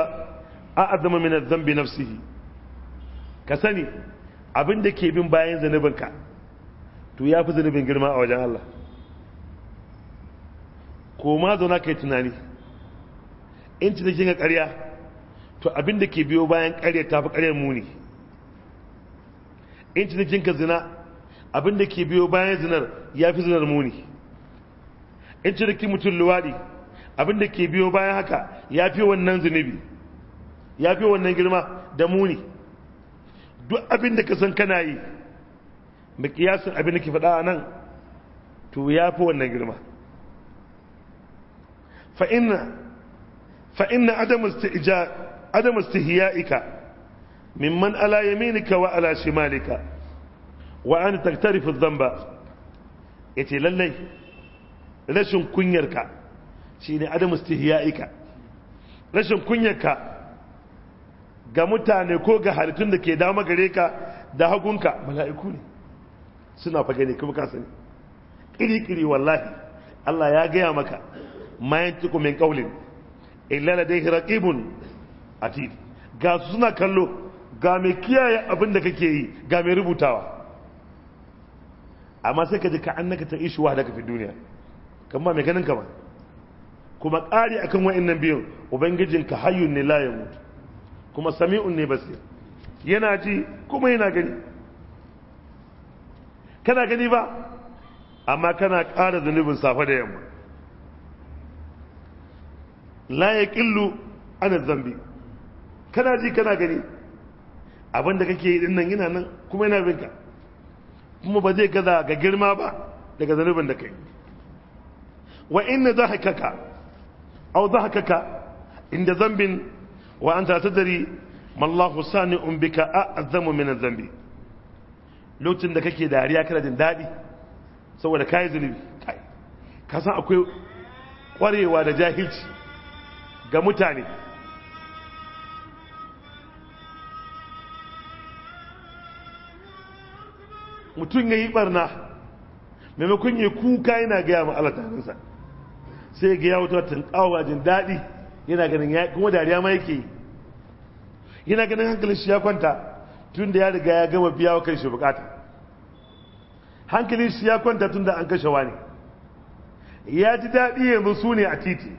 أعظم من الذنب Ka sani, abin da ke bin bayan ka to ya fi zanubin girma a wajen Allah ko ma zauna ka yi tunani in ci cikin karya to abin da ke biyo bayan karya ta fi muni in ci cikin ka zina abin da ke biyo bayan zinar ya fi zinar muni in ci cikin mutum luwadi abin da ke biyo bayan haka ya fi wannan zunubi ya fi wannan girma da muni duk abin da ka san kana yi mikiyasin abin da ke faɗa nan to ya fi wannan girma Fa'inna adamus ta hiya'ika mimman ala yaminika wa ala shimalika wa an taktarifin zamba ya lallai rashin kunyarka ne adamu hiyaika rashin kunyanka ga mutane ko ga halittun da ke dama gare ka da hagunka mala'iku ne suna fage ne kuma kasani kiri wallahi Allah ya gaya maka mayan tuku min kaulin illa ladaihi raqibun atid ga suna kallo ga mai kiyaye abin da kake yi ga mai rubutawa amma sai ka ji ka annaka ta ishuwa da ka fi duniya kamar mai ganin ka ba kuma ƙari akan nan biyun ubangijinka hayyun ne la mutu kuma sami'un ne basir yana ji kuma yana gani kana gani ba amma kana ƙara zunubin safe da yamma laye ƙillu ana zambi kana ji kana gani abin da kake yi ɗin nan yana nan kuma yana binka kuma ba zai gaza ga girma ba daga zunubin da kai wa inna zahikaka ka aw dhahakaka inda dhanbin wa anta tadri ma Allahu sani'un bika a'zamu min adh-dhanbi lokacin da kake dariya kada jin dadi saboda kai zunubi kai ka san akwai kwarewa da jahilci ga mutane mutum ya yi barna maimakon ya kuka yana gaya ma Allah tarinsa sai ga yawon tattun tunkawa jin daɗi yana ganin ya kuma dariya ma yake yana ganin hankalin shi ya kwanta tun da ya riga ya gama biya wa kanshi bukata hankalin shi ya kwanta tun da an kashe wani ya ji daɗi yanzu su ne a titi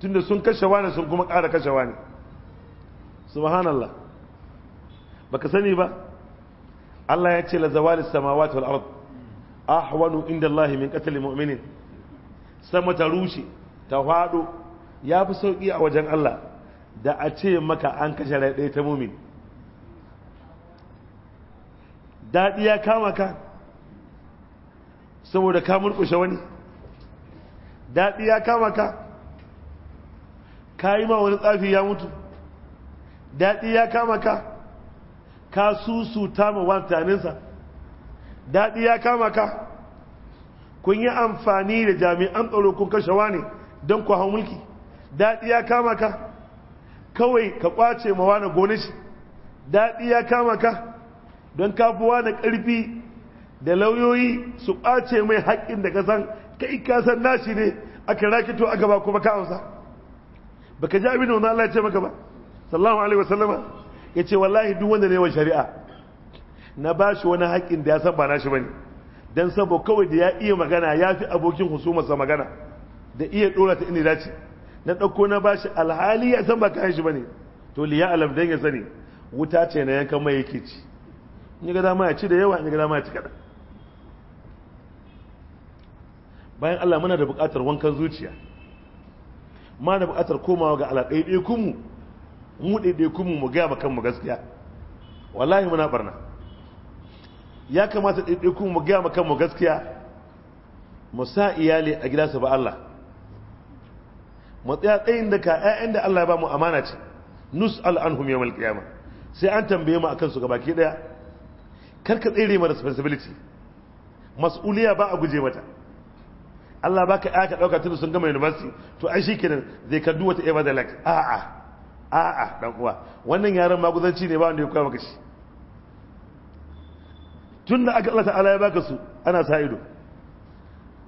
tun da sun kashe wani sun kuma ƙara kashe wani subhanallah Ba ka sani ba Allah ya ce la zawali samawati wal ard ahwanu inda Allah min qatl mu'minin sama ta rushe ta hwado ya fi sauƙi a wajen Allah da a ce maka an kashe rai ɗaya ta mumin daɗi ya kama ka saboda ka murƙushe wani daɗi ya kama ka ka yi ma wani tsafi ya mutu daɗi ya kama ka ka susuta ma wantaninsa daɗi ya kama ka kun yi amfani da jami'an tsaro kun kashe wani don ku hau mulki daɗi ya kama ka kawai ka kwace ma wani gona shi daɗi ya kama ka don kafuwa da ƙarfi da lauyoyi su kwace mai haƙƙin da kasan kai kasan nashi ne aka rakito a gaba kuma ka amsa baka ji abin da wani Allah ya ce maka ba sallallahu alaihi wasallama ya ce wallahi duk wanda ne wa shari'a na ba shi wani haƙƙin da ya san ba nashi bane Don sabo kawai da ya iya magana ya fi abokin husumarsa magana da iya dora ta inda dace na ɗauko na bashi alhali ya san ba kayan shi ne to liya alam don ya sani wuta ce na yankan mai yake ci in gada dama ya ci da yawa in gada dama ya ci kaɗan bayan Allah muna da buƙatar wankan zuciya ma da buƙatar komawa ga Allah ɗaiɗaikunmu mu ɗaiɗaikunmu mu gaya kanmu gaskiya wallahi muna barna ya kamata ɗaiɗaikun mu gaya makan mu gaskiya mu sa iyali a gida su ba Allah mu tsaya tsayin da ka ƴaƴan da Allah ba mu amana ce nus al'anhum yawmal qiyama sai an tambaye mu akan su gabaki daya kar ka tsere mu responsibility mas'uliya ba a guje mata Allah baka ɗaya ka dauka tun sun gama university to ai shikenan zai ka wata ta ever the like a a a a dan uwa wannan yaran maguzanci ne ba wanda ya koya maka shi tun da aka Allah ta'ala ya baka su ana sa ido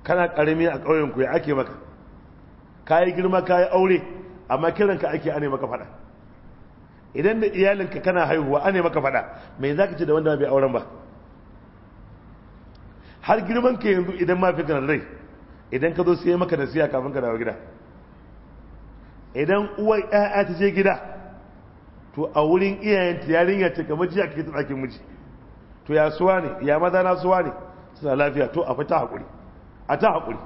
kana karami a ƙauyenku ku ya ake maka yi girma yi aure amma kiranka ake ane maka fada idan da iyalinka kana haihuwa ane maka fada mai zaka ce da wanda bai auren ba har girman ka yanzu idan ma fi rai idan ka zo sai maka siya kafin ka dawo gida idan uwar ƴaƴa ta je gida to a wurin iyayenta yarinya ce kamar jiya kake tsakin miji to ya suwa ne ya maza na suwa ne suna lafiya to a fita haƙuri a ta haƙuri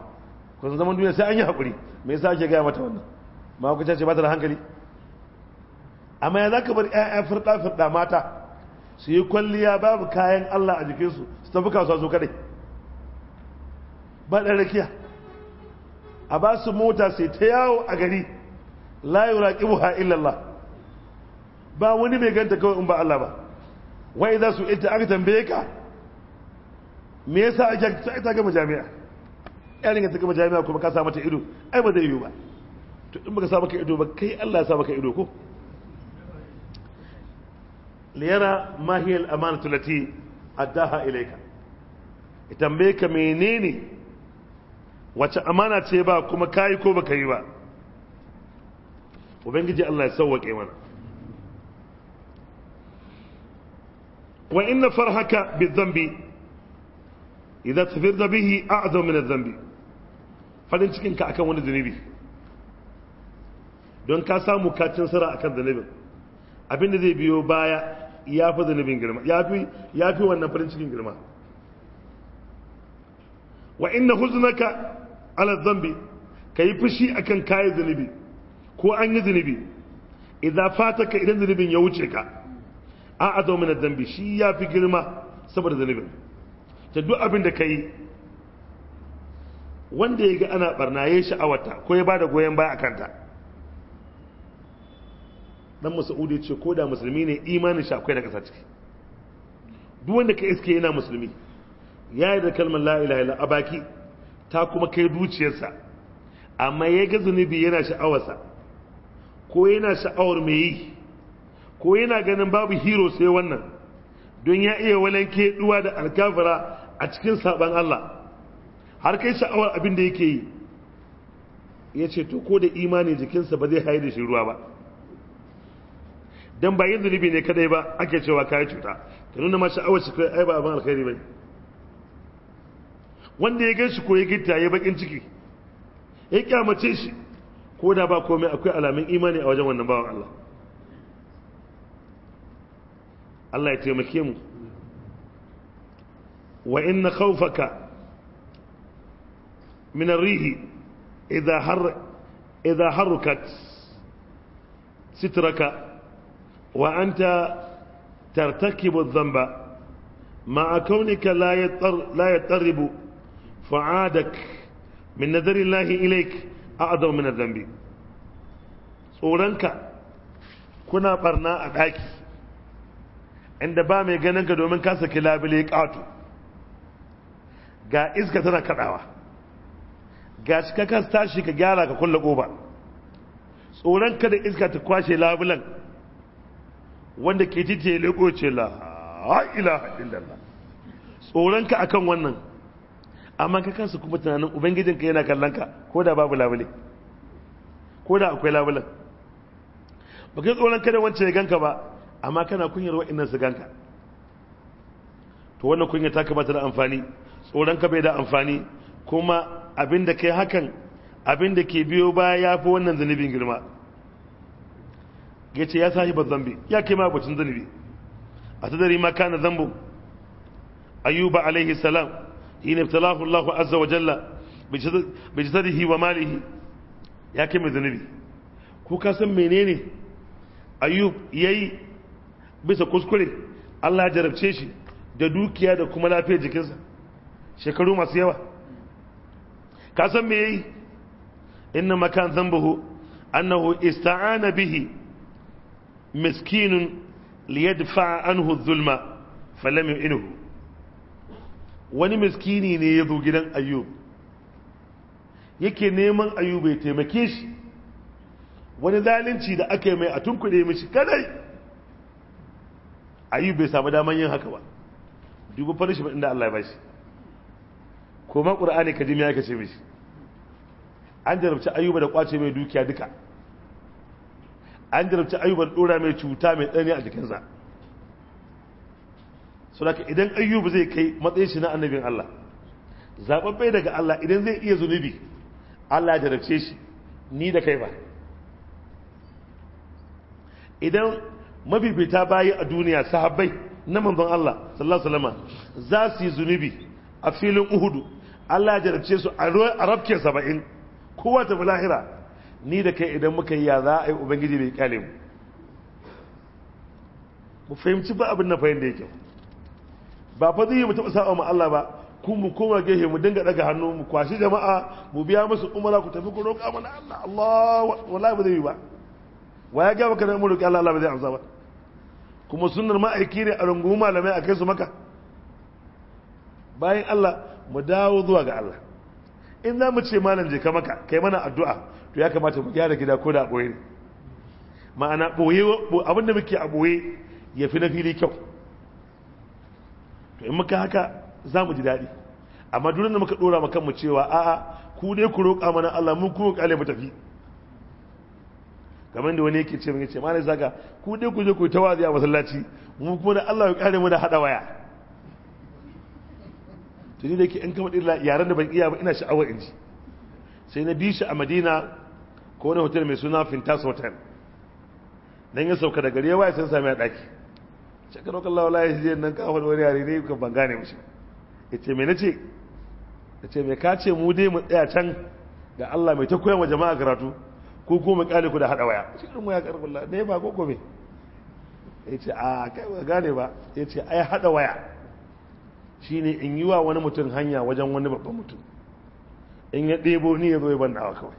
kun zaman duniya sai an yi haƙuri me yasa ake gaya mata wannan ma kuka ce ta da hankali amma ya za ka bar 'ya'ya firɗa firɗa mata su yi kwalliya babu kayan Allah a jikinsu su tafi kasuwa su kadai ba ɗan rakiya a ba su mota sai ta yawo a gari layura yura ƙibuha illallah ba wani mai ganta kawai in ba Allah ba wai za su ita aka tambaye ka me yasa ake ta gama jami'a yarin ta gama jami'a kuma ka sa mata ido ai ba zai yi ba to in baka sa maka ido ba kai Allah ya sa maka ido ko liyara ma hiya al-amanatu lati addaha ilayka tambaye ka menene wace amana ce ba kuma kai ko baka yi ba ubangiji Allah ya sauwake mana Wa وإن فرحك bihi إذا تفرد به أعظم من الذنب فلن تكن akan wani zanibi don ka samu kacin sira akan zanubin abinda zai biyo baya ya fi zanubin girma ya fi wannan farin cikin girma wa inna huznaka ala zambi ka yi fushi akan kayan zanibi ko an yi zanibi idan fata ka idan zanubin ya wuce ka a azo mana zambi shi ya fi girma saboda zunubin ta duk abin da ka yi wanda ya ga ana barna ya sha'awata ko ya ba da goyon baya a kanta dan masaudi ce ko da musulmi ne imanin shi akwai da kasa ciki duk wanda ka iske yana musulmi ya yi da kalmar la ilaha abaki ta kuma kai dukiyarsa amma ya ga zunubi yana sha'awarsa ko yana sha'awar mai yi ko yana ganin babu hero sai wannan don ya iya walanke duwa da alkafira a cikin saban Allah har kai sha'awar abin da yake yi ya ce to ko da imani jikinsa ba zai haidu shi ruwa ba don ba yin zunubi ne kadai ba ake cewa kayi cuta ta nuna ma sha'awar shi kai ba abin alkhairi ba wanda ya gan shi ko ya gita ya bakin ciki ya kyamace shi ko da ba komai akwai alamin imani a wajen wannan bawan Allah الله يتيمكيمو وإن خوفك من الريح إذا حر إذا حركت سترك وأنت ترتكب الذنب مع كونك لا يطر لا يطرب فعادك من نذر الله إليك أعظم من الذنب صورنك كنا برنا أباكي inda ba mai ganin ka domin ka saki labule ƙato ga iska tana kaɗawa ga shi ka kan tashi ka gyara ka kulle ƙoba tsoron kada iska ta kwashe labulan wanda ke titi ya leƙo ce la ilaha illallah tsoron ka akan wannan amma ka kansu kuma tunanin ubangijinka yana kallon ka ko da babu labule ko da akwai labulan ba kai tsoron kada wancan ya ganka ba amma kana kunyar wa'annan siganka to wannan kunya ta kamata da amfani tsoron ka bai da amfani kuma abin da kai hakan abin da ke biyo baya ya fi wannan zunubin girma ya ce ya sahi ba zambi ya kai mabucin zunubi a sadari ma kana zambo ayyuba alaihi salam hina ibtalahu Allah azza wa jalla bi jasadihi wa malihi ya kai mai zunubi ko ka san menene ayyub yayi bisa kuskure Allah ya jarabce shi da dukiya da kuma lafiyar jikinsa shekaru masu yawa ka san me yayi inna makan zambahu annahu ista'ana bihi miskinun liyadfa anhu dhulma falam yu'inuhu wani miskini ne ya zo gidan ayyub yake neman ayyub ya taimake shi wani zalunci da aka yi mai a tunkuɗe mishi kadai ayyub bai samu daman yin haka ba duba ba inda Allah ya bashi ko ma qur'ani ka ji me yake ce mishi an jarabci ayyuba da kwace mai dukiya duka an jarabci ayyuba da dora mai cuta mai tsani a jikinsa saboda idan ayyuba zai kai matsayin shi na annabin Allah zababbe daga Allah idan zai iya zunubi Allah ya jarabce shi ni da kai ba idan mabibita bayi a duniya sahabbai na manzon Allah sallallahu alaihi wasallam za su yi zunubi a filin Uhudu Allah ya jarabce su a rabke 70 kowa ta lahira ni da kai idan muka yi ya za a yi ubangiji bai kyale mu mu fahimci ba abin na fahimta yake ba fa zai mu taba sa'a ma Allah ba ku mu koma gehe mu dinga daga hannu mu kwashi jama'a mu biya musu umara ku tafi ku roƙa mana Allah Allah wallahi ba zai yi ba wa ya ga baka da mu roƙi Allah Allah ba zai amsa ba kuma sunar ma'aiki ne a rungu malamai a kai su maka bayan Allah mu dawo zuwa ga Allah in za mu ce malam je ka maka kai mana addu'a to ya kamata mu gyara gida ko da ɓoye ne ma'ana ɓoye abin da muke a ɓoye ya fi na fili kyau to in muka haka za mu ji daɗi amma duk da muka ɗora mu cewa a'a ku dai ku roƙa mana Allah mu ku roƙa mu tafi kamar da wani yake ce mai yace malai zaka ku dai ku je ku ta wazi a masallaci mu kuma da Allah ya kare mu da hada waya to ni da yake in kama dilla yaran da ban iya ba ina sha'awar in ji sai na bi shi a Madina ko wani hotel mai suna Fintas Hotel dan ya sauka da gari ya waya sai sami a daki shakar wa kallawa la yaji nan ka wani wani yare ne ka ban gane mishi yace me nace yace me ka ce mu dai mu tsaya can da Allah mai ta koyan wa jama'a karatu ko kuma kyale ku da hada waya shi mu ya karbullah dai ba ko Ya yace a kai ba gane ba yace ai hada waya shine in yi wa wani mutum hanya wajen wani babban mutum in ya ɗebo ni ya zo ya ban dawa kawai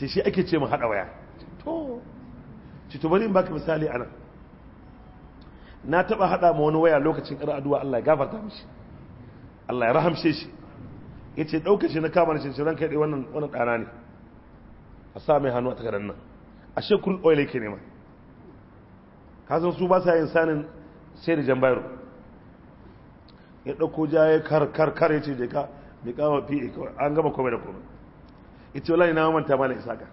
ce shi ake ce mu hada waya to ci to bari in baka misali anan na taba hada ma wani waya lokacin ƙar addu'a Allah ya gafarta mishi Allah ya rahamshe shi yace dauka shi na kama shi ran kai wannan wannan dana ne a sa mai hannu a takardar nan ashe shekuru oil yake nema kasan su ba sa yin sanin sai da jan bayro ya ɗauko ja ya kar kar kar ya ce je ka mai kama fi an gama komai da komai ita wala ina manta isa ka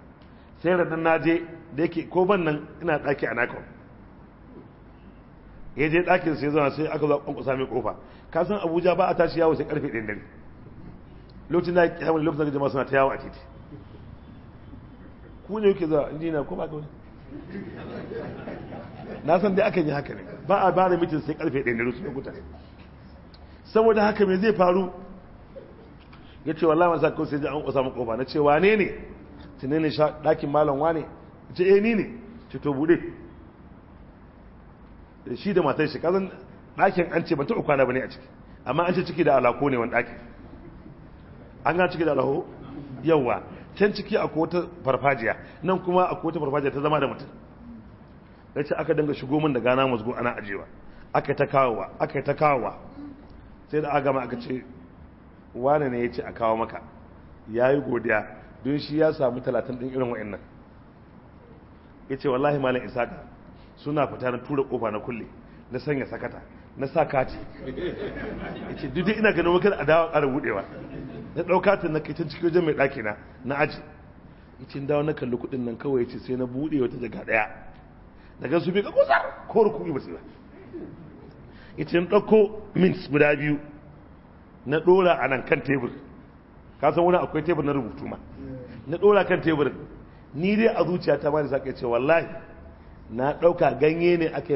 sai da na je da yake ko ban nan ina ɗaki a nakon ya je ɗakin sai zama sai aka zo kwankwasa mai kofa kasan abuja ba a tashi yawo sai karfe ɗin dare lokacin da ya kyamun lokacin da jama'a suna ta yawo a titi ku ne yake zuwa injina ko ba ka wani na san dai akan yi haka ne ba a bada mitin sai karfe ɗaya da rusu lokuta saboda haka me zai faru ya ce wallahi masu kawai sai ji an kusa makofa na ce wane ne tunai ne sha ɗakin ne. wane ce eh ni ne ce to buɗe shi da matar shi kazan ɗakin an ce ban taɓa kwana ba ne a ciki amma an ce ciki da alako ne wani ɗakin an ga ciki da alako yawwa can ciki a kowata farfajiya nan kuma a kowata farfajiya ta zama da mutum da ce aka danga shigo min da gana musgo ana ajewa aka ta kawowa aka ta kawowa sai da agama aka ce wane ne ya ce a kawo maka ya yi godiya don shi ya samu talatin ɗin irin wa'annan ya ce wallahi malam isaka suna fita na tura ƙofa na kulle na sanya sakata na sa kati ya ce duk ina ganin wakil a dawa ƙara buɗewa na ɗauka ta na kaitan cikin wajen mai ɗakina na aji icin dawo na kalli kuɗin nan kawai ce sai na buɗe wata daga ɗaya daga su bi ka kusa ko rukuni ba su ba icin ɗauko mints guda biyu na ɗora a nan kan tebur ka san wani akwai tebur na rubutu ma na ɗora kan teburin ni dai a zuciya ta bani sake ce wallahi na ɗauka ganye ne aka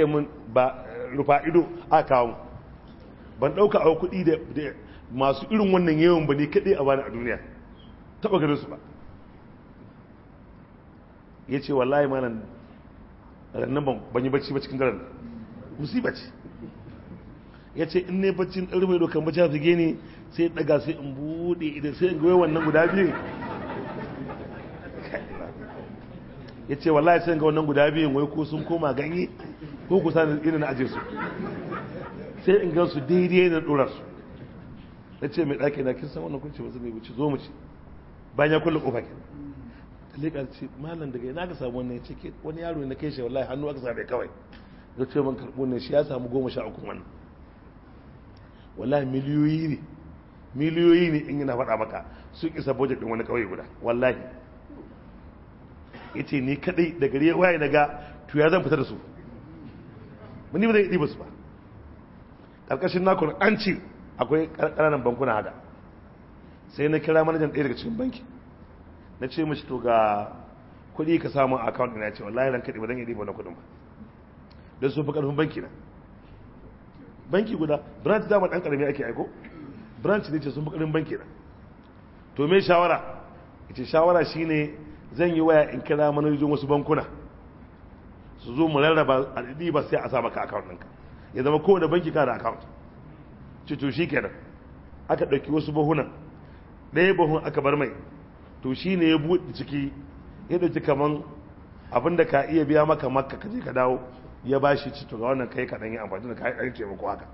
yi mun ba rufa ido a kawo ban ɗauka a kuɗi da masu irin wannan yawan ba ne kaɗai a bani a duniya taɓa ganin su ba ya ce layi malam rannan ban yi bacci ba cikin daren musiba bacci ya ce in ne baccin ɗan mai dokan bacci su gini sai ɗaga sai in buɗe idan sai in goyi wannan guda biyu ya ce layi sai in ga wannan guda biyun wai ko sun koma ganye ko kusa na ina na sai in gan su daidai na ɗorarsu. na ce mai ɗaki na kin san wannan kunci ba zai wuce zo mu ci bayan ya kulle kofa ke. talika ce malam daga ina ka samu wannan ya ce wani yaro na kai shi wallahi hannu aka same kawai da ce man karɓo ne shi ya samu goma sha uku wannan wallahi miliyoyi ne miliyoyi ne in yana faɗa maka su isa budget ɗin wani kawai guda wallahi ya ce ni kaɗai da gari ya waye daga to ya zan fita da su muni ba zai ɗiba su ba ƙarƙashin nakon an ce akwai ƙananan bankuna haka sai na kira manajan ɗaya daga cikin banki na ce mashi to ga kuɗi ka samu a account ya ce wallahi ran kaɗi ba zan yi ɗiba na kuɗin ba don sun fi ƙarfin banki na banki guda branch zama ɗan ƙarami ake aiko branch ne ce sun fi ƙarfin banki na to me shawara ce shawara shine zan yi waya in kira manajan wasu bankuna su zo mu rarraba a ɗiba sai a sa maka account ɗinka ya zama kowane banki ka da account to shi kenan aka ɗauki wasu buhunan ɗaya buhun aka bar mai to shi ne ya buɗe ciki ya ɗauki kaman abin da ka iya biya maka makka ka je ka dawo ya ba shi ci to ga wannan kai kaɗan yi amfani da kayan ɗan ko haka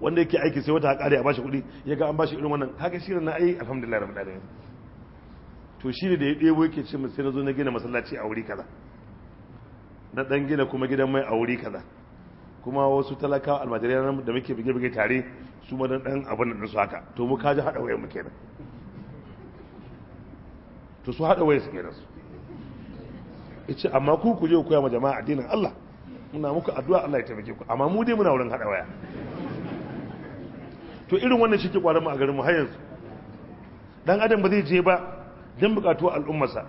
wanda yake aiki sai wata haƙari a ba shi kuɗi ya ga an ba shi irin wannan haka shi ne na ai alhamdulillah rabu alamin to shi ne da ya ɗebo yake ce sai na zo na gina masallaci a wuri kaza na ɗan gina kuma gidan mai a wuri kaza kuma wasu talaka almajirai da muke bige-bige tare su ma dan abin da su haka to mu kaji hada wayar mu kenan to su hada wayar su kenan su yace amma ku ku je ku koya ma jama'a addinin Allah muna muku addu'a Allah ya taimake ku amma mu dai muna wurin hada waya to irin wannan shi ke kwaran mu a garin mu har yanzu dan adam ba zai je ba dan bukatu al'ummarsa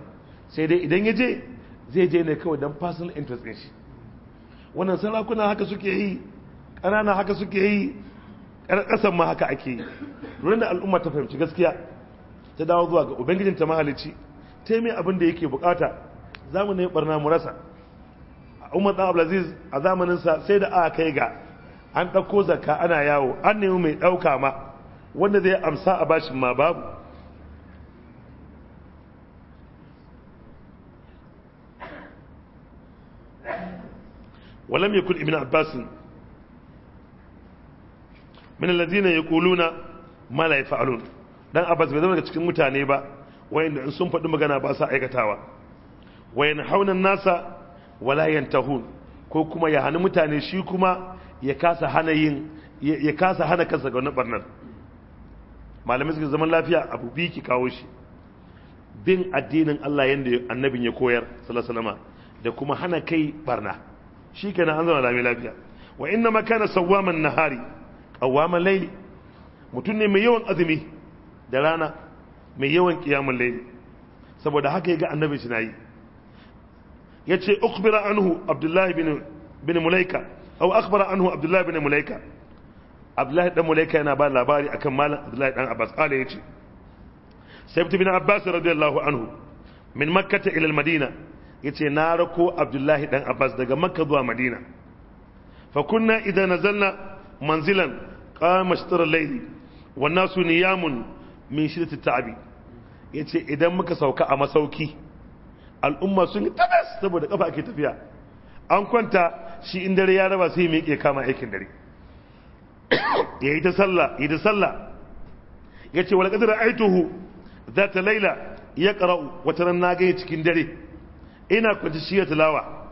sai dai idan ya je zai je ne kawai dan personal interest din shi wannan sarakuna haka suke yi ƙanana haka suke yi ƙasan ma haka ake yi ruwan da al'umma ta fahimci gaskiya ta dawo zuwa ga ubangijin ta mahalicci ta yi abin da yake bukata za mu barna mu rasa umar ɗan ablaziz a zamaninsa sai da aka kai ga an ɗauko zaka ana yawo an nemi mai ɗauka ma wanda zai amsa a bashin ma babu ولم يكن ابن عباس من الذين يقولون ما لا يفعلون dan abbas bai zama daga cikin mutane ba wayanda in sun faɗi magana ba sa aikatawa wayan haunan nasa wala yantahun ko kuma ya mutane shi kuma ya kasa hana yin ya kasa hana kansa ga wannan barnar malamai suke zaman lafiya abu bi ki kawo shi bin addinin Allah yanda annabin ya koyar sallallahu alaihi da kuma hana kai barna shi na an zauna lami lafiya wa inna ma kana sawwaman nahari qawwaman layli mutum ne mai yawan azumi da rana mai yawan qiyamul layli saboda haka ya ga annabi shi nayi ce ukhbira anhu abdullahi bin bin mulaika aw anhu abdullahi bin mulaika abdullahi dan mulaika yana ba labari akan malam abdullahi dan abbas qala yace sayyid bin abbas radiyallahu anhu min makkata ila al-madina ya ce na rako abdullahi dan abbas daga makka zuwa madina fa kunna idan nazalna manzilan qama shatr al Wannan wan nasu niyamun min shiddati ta'abi ce idan muka sauka a masauki al'umma sun yi tabas saboda kafa ake tafiya an kwanta shi in dare ya raba sai ke kama aikin dare ya yi ta sallah ya ta sallah ya ce walaƙadar aituhu za ta laila ya ƙara'u wata ran na gani cikin dare ina kwaci ya tilawa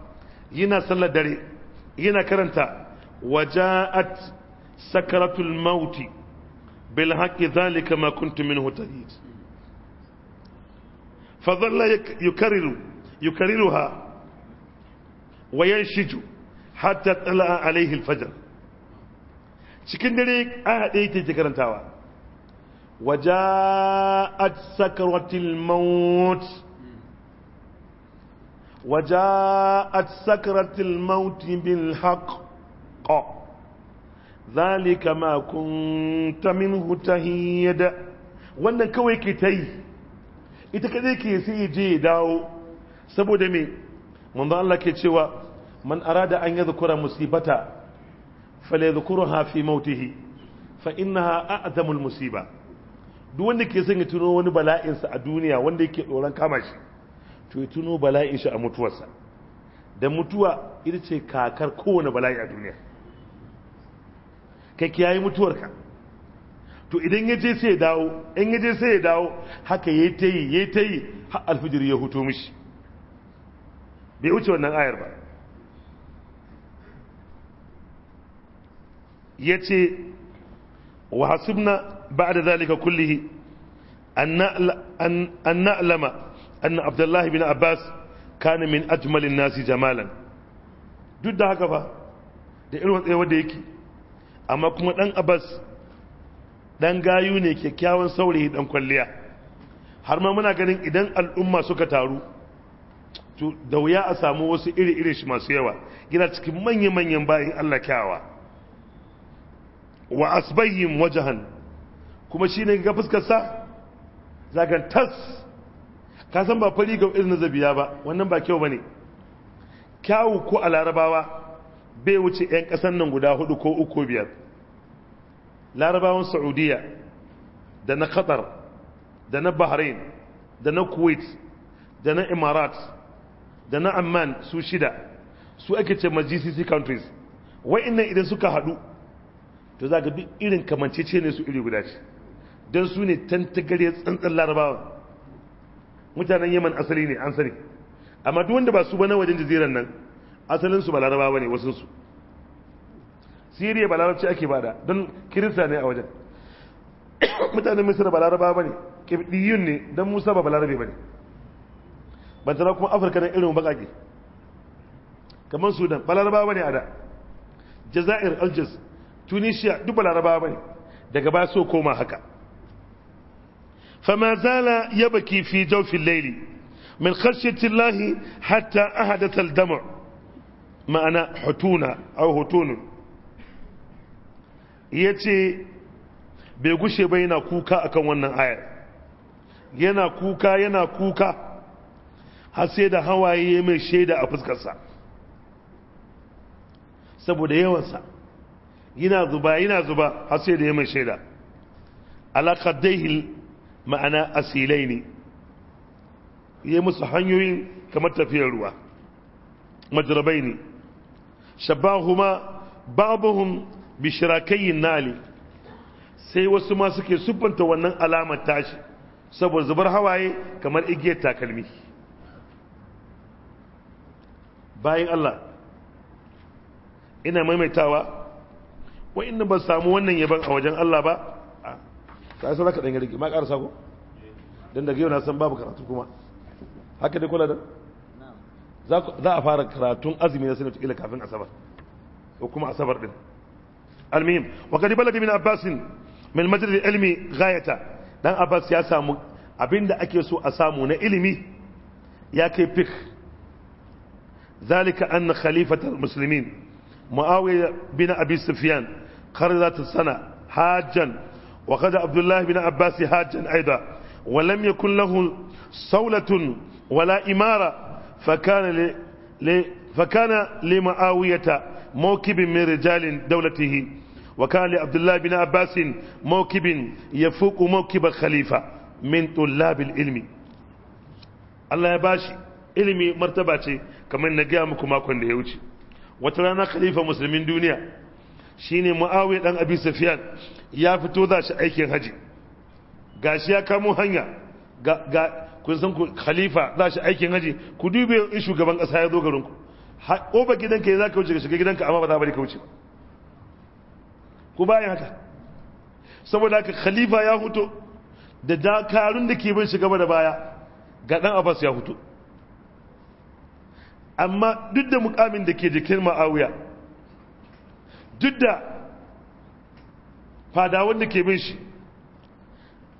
yana sallar dare yana karanta waja'at sakaratul mauti bil haqqi zalika ma kuntu minhu tahid fa dhalla yukarriru yukarriruha wa yanshiju hatta tala'a alayhi alfajr cikin dare a hade yake karantawa waja'at sakaratul mauti وجاءت سكرة الموت بالحق ذلك ما كنت منه تهيد وانا كوي كتاي اتكذيك سيجي داو سبو دمي من ظل لك تشوى من أراد أن يذكر مصيبة فليذكرها في موته فإنها أعظم المصيبة دو وانا كيسين تنو وانا بلائنس الدنيا وانا كيسين to tuno balai shi a mutuwarsa da mutuwa ita ce kakar kowane bala'i a duniya kai kiyaye mutuwarka to idan ya je sai ya dawo in ya je sai ya dawo haka ya ta yi ya ta yi har alfijir ya huto mishi bai wuce wannan ayar ba ya ce wa hasibna ba da zalika kullihi an na'lama anna abdullahi bin abbas kana min ajmalin nasi jamalan duk da haka ba da irin tsaye wanda yake amma kuma dan abbas dan gayu ne kyakkyawan saurayi dan kwalliya har ma muna ganin idan al'umma suka taru da wuya a samu wasu iri-iri shi masu yawa gina cikin manya-manyan bayan Allah kyawa wa asbayin wajahan kuma shi ne ga fuskarsa zagantas. tas ka san ba fari ga irin zabiya ba wannan ba kyau ba ne kyawu ko a larabawa bai wuce 'yan ƙasan nan guda hudu ko uku biyar larabawan saudiya da na qatar da na bahrain da na kuwait da na imarat da na amman su shida su ake ce ma gcc countries wa'innan idan suka hadu to za ga duk irin ce ne su iri guda ce don su ne tantagare tsantsan larabawan mutanen yaman asali ne an sani amma duk wanda ba su ba na wajen jaziran nan asalin su balaraba bane wasun su siriya ba ake bada don kirista ne a wajen mutanen misira balaraba bane kibdiyun ne don musa ba balarabe bane ban tara kuma afirka nan irin bakaki kamar sudan balaraba bane a da jazair aljaz tunisia duk balaraba bane daga ba so koma haka فما زال يبكي في جوف الليل من خشية الله حتى أهدت الدمع أنا حتونة أو هتون يتي بيقوشي بينا كوكا أكوانا آية yana kuka yana kuka har sai da hawaye mai shaida a fuskarsa saboda yawansa yana zuba yana zuba har sai da ya mai shaida alaƙar ma'ana asilai ne yi musu hanyoyin kamar tafiyar ruwa majarabai ne shabahuma babuhum bishirakayin nali sai wasu ma suke sufanta wannan alamar tashi saboda zubar hawaye kamar igiyar takalmi bayan Allah ina maimaitawa wa'inda ba samu wannan yaban a wajen Allah ba ka saura ka ɗan rage ma ƙara sako don daga yau na san babu karatu kuma haka dai kula da za a fara karatun azumi na sanatu ila kafin asabar ko kuma asabar din almihim wa kadi balaga min abbasin min majlis ilmi ghayata dan abbas ya samu abinda ake so a samu na ilimi ya kai fik zalika anna khalifatul muslimin muawiya bin abi sufyan qarrat sana hajjan وقد عبد الله بن عباس حاجا أيضا ولم يكن له صولة ولا إمارة فكان ل... ل... فكان لمعاوية موكب من رجال دولته وكان لعبد الله بن عباس موكب يفوق موكب الخليفة من طلاب العلم الله يباشي علمي مرتباتي كما kamar ما كنت muku وترانا خليفة مسلمين wuce شيني معاوية khalifa musulmin duniya ya fito za shi aikin haji shi ya kamo hanya ga kun san ku khalifa za shi aikin haji ku dube in shugaban kasa ya zo garinku. ku ba gidanka ya za ka wuce ka shiga gidanka amma ba za bari ka wuce ku bayan haka saboda haka khalifa ya huto da dakarun da ke bin shi gaba da baya ga dan abbas ya huto amma duk da mukamin da ke jikin ma'awiya duk da fada wanda ke bin shi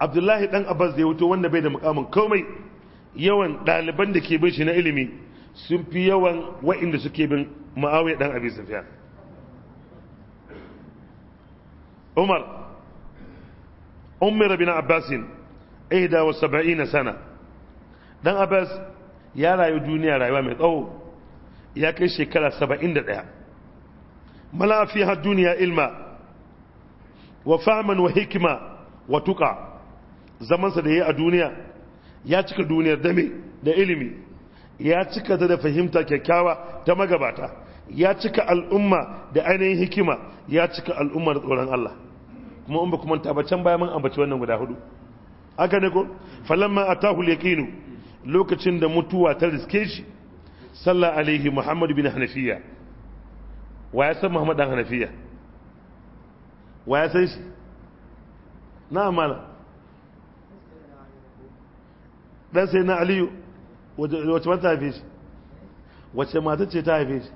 abdullahi dan abbas da ya wuto wanda bai da mukamin komai yawan ɗaliban da ke bin shi na ilimi sun fi yawan wa'inda suke bin ma'awai dan abi sufyan umar umar bin abbasin ihda wa saba'ina sana dan abbas ya rayu duniya rayuwa mai tsawo ya kai shekara saba'in da ɗaya mala har duniya ilma wa fahman wa hikima wa tuka zamansa da ya a duniya ya cika duniyar dame da ilimi ya cika da fahimta kyakkyawa ta magabata ya cika al'umma da ainihin hikima ya cika al'umma da tsoron Allah kuma in ba kuma ta bacan baya mun ambaci wannan guda hudu aka ne ko falamma atahu yaqinu lokacin da mutuwa ta riske shi sallallahu alaihi muhammad bin hanafiya wa ya san muhammad dan hanafiya wa ya san shi na amala dan sai na aliyu wace mata haife shi wace mata ce ta haife shi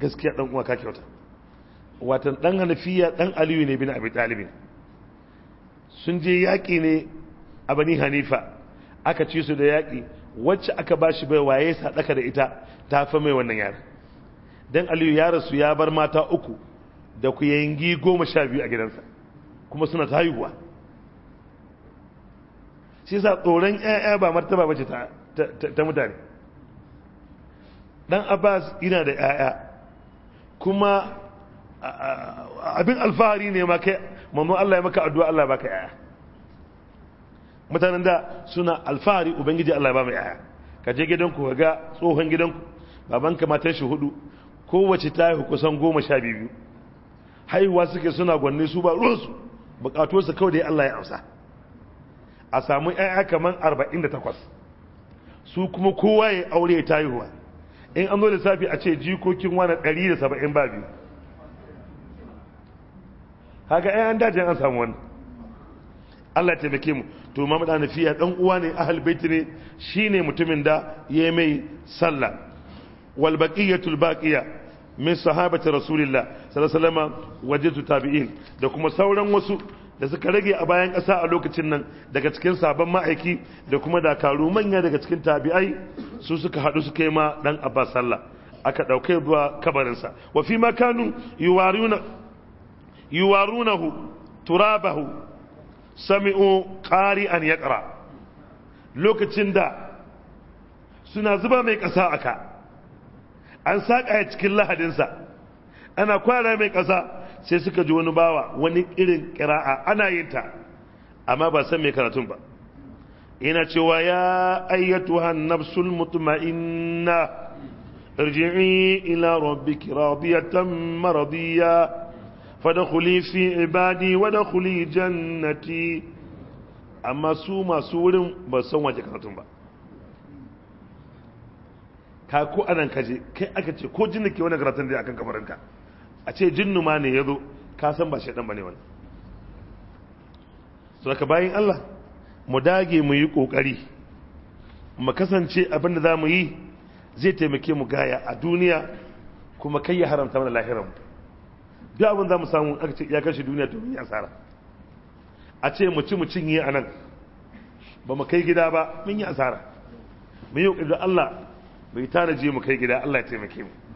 gaskiya dan uwa ka kyauta watan dan hanafiya dan aliyu ne bin abi talibin sun je yaƙi ne a bani hanifa aka ci su da yaƙi wacce aka ba shi bai waye sadaka da ita ta fa mai wannan yara dan aliyu ya rasu ya bar mata uku da ku yangi goma sha biyu a gidansa kuma suna ta haihuwa shi sa tsoron 'ya'ya ba martaba bace ta mutane dan abbas yana da 'ya'ya kuma abin alfahari ne ma kai mamu allah ya maka addu'a allah ya baka 'ya'ya mutanen da suna alfahari ubangiji allah ba mu 'ya'ya ka je gidanku ka ga tsohon gidanku babanka matan shi hudu kowace ta haihu kusan goma sha biyu haihuwa suke suna gwanne su ba ruwansu bukatu su kawai dai Allah ya amsa a samu ƴaƴa kaman 48 su kuma kowa ya aure ta haihuwa in an zo lissafi a ce jikokin wani 170 ba biyu haka ƴaƴan dajin an samu wani Allah ya taimake mu to na fiye dan uwa ne ahal bait ne shine mutumin da ya mai sallah والبقية الباقية من صحابة رسول rasulillah صلى الله عليه وسلم وجد da kuma sauran wasu da suka rage a bayan ƙasa a lokacin nan daga cikin sabon ma'aiki da kuma dakaru manya daga cikin tabi'ai su suka haɗu suka yi ma ɗan abbas sallah aka ɗauke zuwa kabarinsa wa fi ma kanu yuwarunahu turabahu sami'u qari'an ƙara. lokacin da suna zuba mai ƙasa aka an saka ya cikin lahadinsa ana kwara mai ƙasa sai suka ji wani bawa wani irin ƙira'a ana yin ta amma ba san mai karatun ba ina cewa ya ayyatuha nafsul mutma'inna irji'i ila rabbiki radiyatan maradiya fadkhuli fi ibadi wa wadkhuli jannati amma su masu wurin ba san waje karatun ba ka ko anan kaje kai aka ce ko jinnu ke wani karatun da akan kabarinka a ce jinnu ma ne ya zo ka san ba shaidan ba ne wani so ka bayan Allah mu dage mu yi kokari mu kasance abin da zamu yi zai taimake mu gaya a duniya kuma kai ya haramta mana lahiran mu duk abin za mu samu aka ce ya kashe duniya to ya asara a ce mu ci mu cinye anan nan ba mu kai gida ba mun yi asara mu yi kokari Allah bai tanaji mu kai gida Allah ya taimake mu